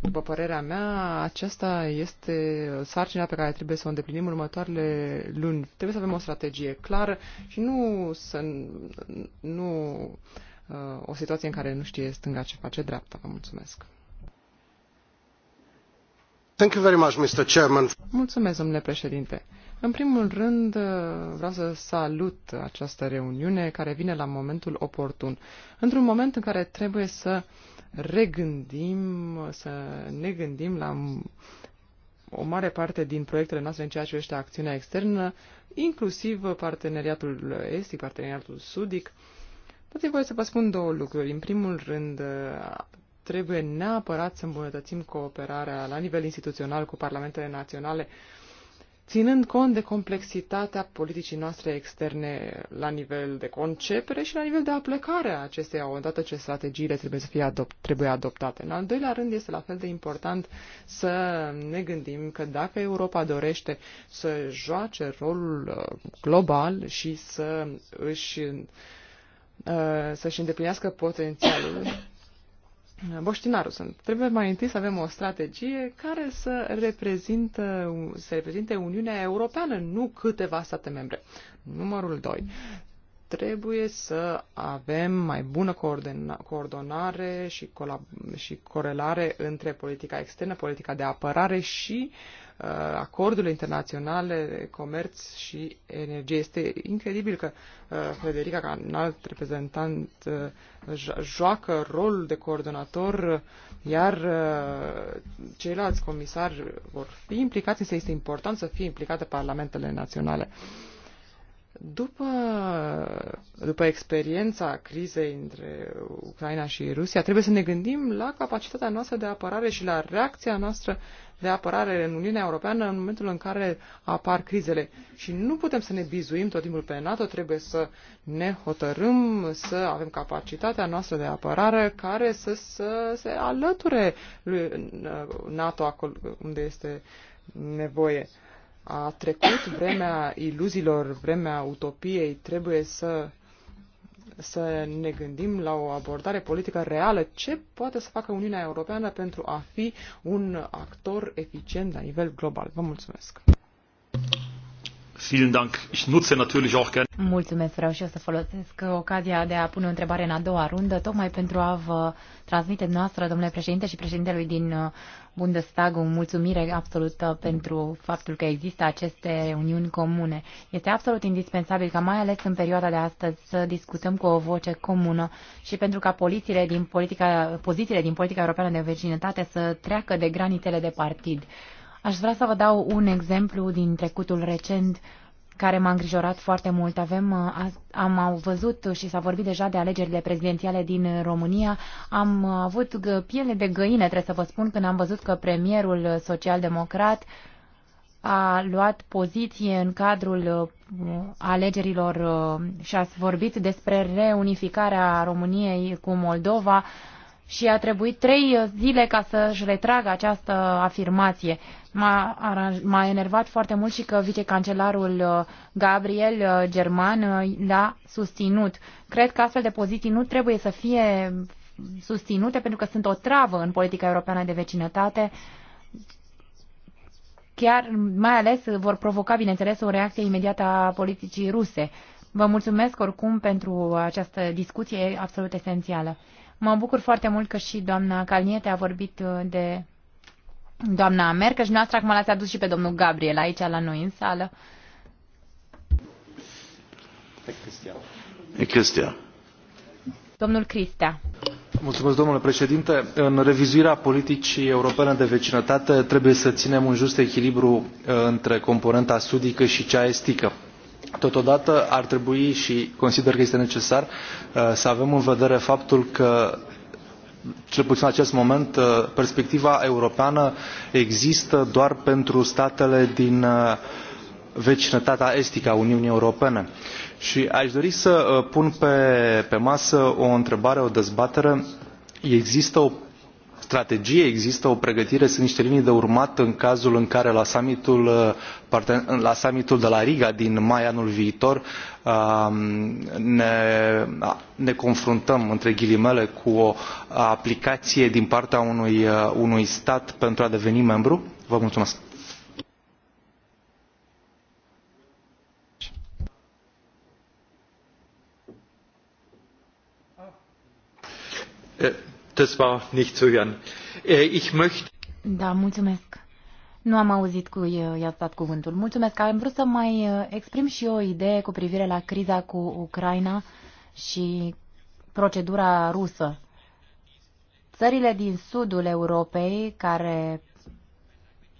După părerea mea, aceasta este sarcina pe care trebuie să o îndeplinim următoarele luni. Trebuie să avem o strategie clară și nu să nu uh, o situație în care nu știe stânga ce face dreapta. Vă mulțumesc. Mulțumesc, domnule președinte. În primul rând, uh, vreau să salut această reuniune care vine la momentul oportun. Într-un moment în care trebuie să regândim, să ne gândim la o mare parte din proiectele noastre în ceea ce privește acțiunea externă, inclusiv parteneriatul estic, parteneriatul sudic. dați voi să vă spun două lucruri. În primul rând, trebuie neapărat să îmbunătățim cooperarea la nivel instituțional cu parlamentele naționale, ținând cont de complexitatea politicii noastre externe la nivel de concepere și la nivel de aplicare a acesteia, odată ce strategiile trebuie să fie adop- trebuie adoptate. În al doilea rând, este la fel de important să ne gândim că dacă Europa dorește să joace rolul uh, global și să își uh, să-și îndeplinească potențialul, Boștinaru sunt. Trebuie mai întâi să avem o strategie care să reprezintă, să reprezinte Uniunea Europeană, nu câteva state membre. Numărul 2 trebuie să avem mai bună coordonare și, și corelare între politica externă, politica de apărare și uh, acordurile internaționale de comerț și energie. Este incredibil că uh, Federica, ca înalt reprezentant, uh, joacă rolul de coordonator, uh, iar uh, ceilalți comisari vor fi implicați, însă este important să fie implicate parlamentele naționale. Uh, după, după experiența crizei între Ucraina și Rusia, trebuie să ne gândim la capacitatea noastră de apărare și la reacția noastră de apărare în Uniunea Europeană în momentul în care apar crizele. Și nu putem să ne bizuim tot timpul pe NATO, trebuie să ne hotărâm să avem capacitatea noastră de apărare care să, să se alăture lui NATO acolo unde este nevoie. A trecut vremea iluziilor, vremea utopiei, trebuie să, să ne gândim la o abordare politică reală. Ce poate să facă Uniunea Europeană pentru a fi un actor eficient la nivel global? Vă mulțumesc! Mulțumesc, vreau și eu să folosesc ocazia de a pune o întrebare în a doua rundă, tocmai pentru a vă transmite noastră, domnule președinte și președintelui din Bundestag, o mulțumire absolută pentru faptul că există aceste uniuni comune. Este absolut indispensabil ca mai ales în perioada de astăzi să discutăm cu o voce comună și pentru ca polițiile din politica, pozițiile din politica europeană de vecinătate să treacă de granițele de partid. Aș vrea să vă dau un exemplu din trecutul recent care m-a îngrijorat foarte mult. Avem, uh, am au văzut și s-a vorbit deja de alegerile prezidențiale din România. Am avut piele de găină, trebuie să vă spun, când am văzut că premierul social-democrat a luat poziție în cadrul uh, alegerilor uh, și a vorbit despre reunificarea României cu Moldova și a trebuit trei zile ca să-și retragă această afirmație. M-a, enervat foarte mult și că vicecancelarul uh, Gabriel uh, German uh, l-a susținut. Cred că astfel de poziții nu trebuie să fie susținute pentru că sunt o travă în politica europeană de vecinătate chiar mai ales vor provoca, bineînțeles, o reacție imediată a politicii ruse. Vă mulțumesc oricum pentru această discuție absolut esențială. Mă bucur foarte mult că și doamna Calniete a vorbit uh, de doamna Merkel și noastră acum l-ați adus și pe domnul Gabriel aici la noi în sală. E Cristian. Domnul Cristea. Mulțumesc, domnule președinte în revizuirea politicii europene de vecinătate trebuie să ținem un just echilibru uh, între componenta sudică și cea estică Totodată ar trebui și consider că este necesar uh, să avem în vedere faptul că cel puțin în acest moment, uh, perspectiva europeană există doar pentru statele din uh, vecinătatea estică a Uniunii Europene. Și aș dori să pun pe, pe masă o întrebare, o dezbatere. Există o strategie, există o pregătire, sunt niște linii de urmat în cazul în care la summitul, uh, la summitul de la Riga din mai anul viitor um, ne, ne confruntăm, între ghilimele, cu o aplicație din partea unui, uh, unui stat pentru a deveni membru? Vă mulțumesc! Eh, das war nicht zu hören. Äh, ich möchte... Da, mulțumesc. Nu am auzit cu i-a dat cuvântul. Mulțumesc. Am vrut să mai uh, exprim și eu o idee cu privire la criza cu Ucraina și procedura rusă. Țările din sudul Europei, care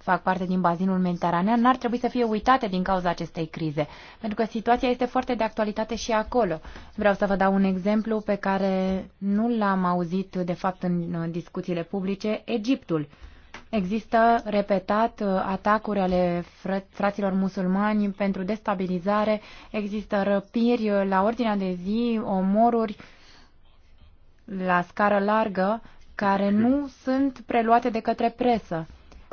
fac parte din bazinul mediteranean n-ar trebui să fie uitate din cauza acestei crize, pentru că situația este foarte de actualitate și acolo. Vreau să vă dau un exemplu pe care nu l-am auzit, de fapt, în uh, discuțiile publice, Egiptul. Există repetat uh, atacuri ale fraților musulmani pentru destabilizare, există răpiri uh, la ordinea de zi, omoruri la scară largă, care nu sunt preluate de către presă.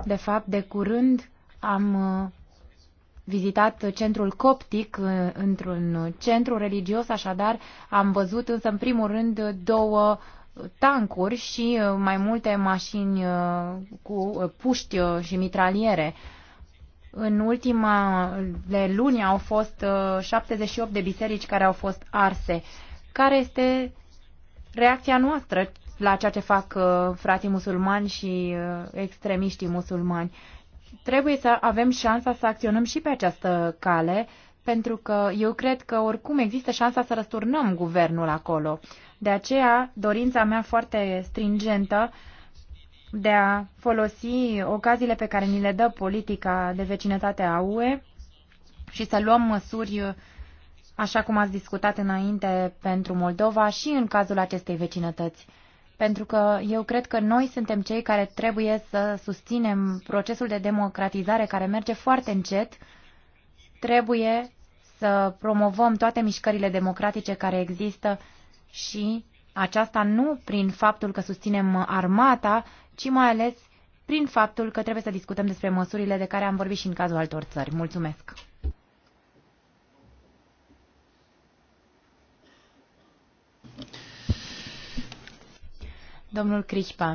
De fapt, de curând am uh, vizitat centrul coptic uh, într-un centru religios, așadar am văzut însă în primul rând două tancuri și uh, mai multe mașini cu puști și mitraliere. În ultimele luni au fost 78 de biserici care au fost arse. Care este reacția noastră? la ceea ce fac uh, frații musulmani și uh, extremiștii musulmani. Trebuie să avem șansa să acționăm și pe această cale, pentru că eu cred că oricum există șansa să răsturnăm guvernul acolo. De aceea, dorința mea foarte stringentă de a folosi ocaziile pe care ni le dă politica de vecinătate a UE și să luăm măsuri, uh, așa cum ați discutat înainte, pentru Moldova și în cazul acestei vecinătăți pentru că eu cred că noi suntem cei care trebuie să susținem procesul de democratizare care merge foarte încet. Trebuie să promovăm toate mișcările democratice care există și aceasta nu prin faptul că susținem armata, ci mai ales prin faptul că trebuie să discutăm despre măsurile de care am vorbit și în cazul altor țări. Mulțumesc! Domnul Crișpa.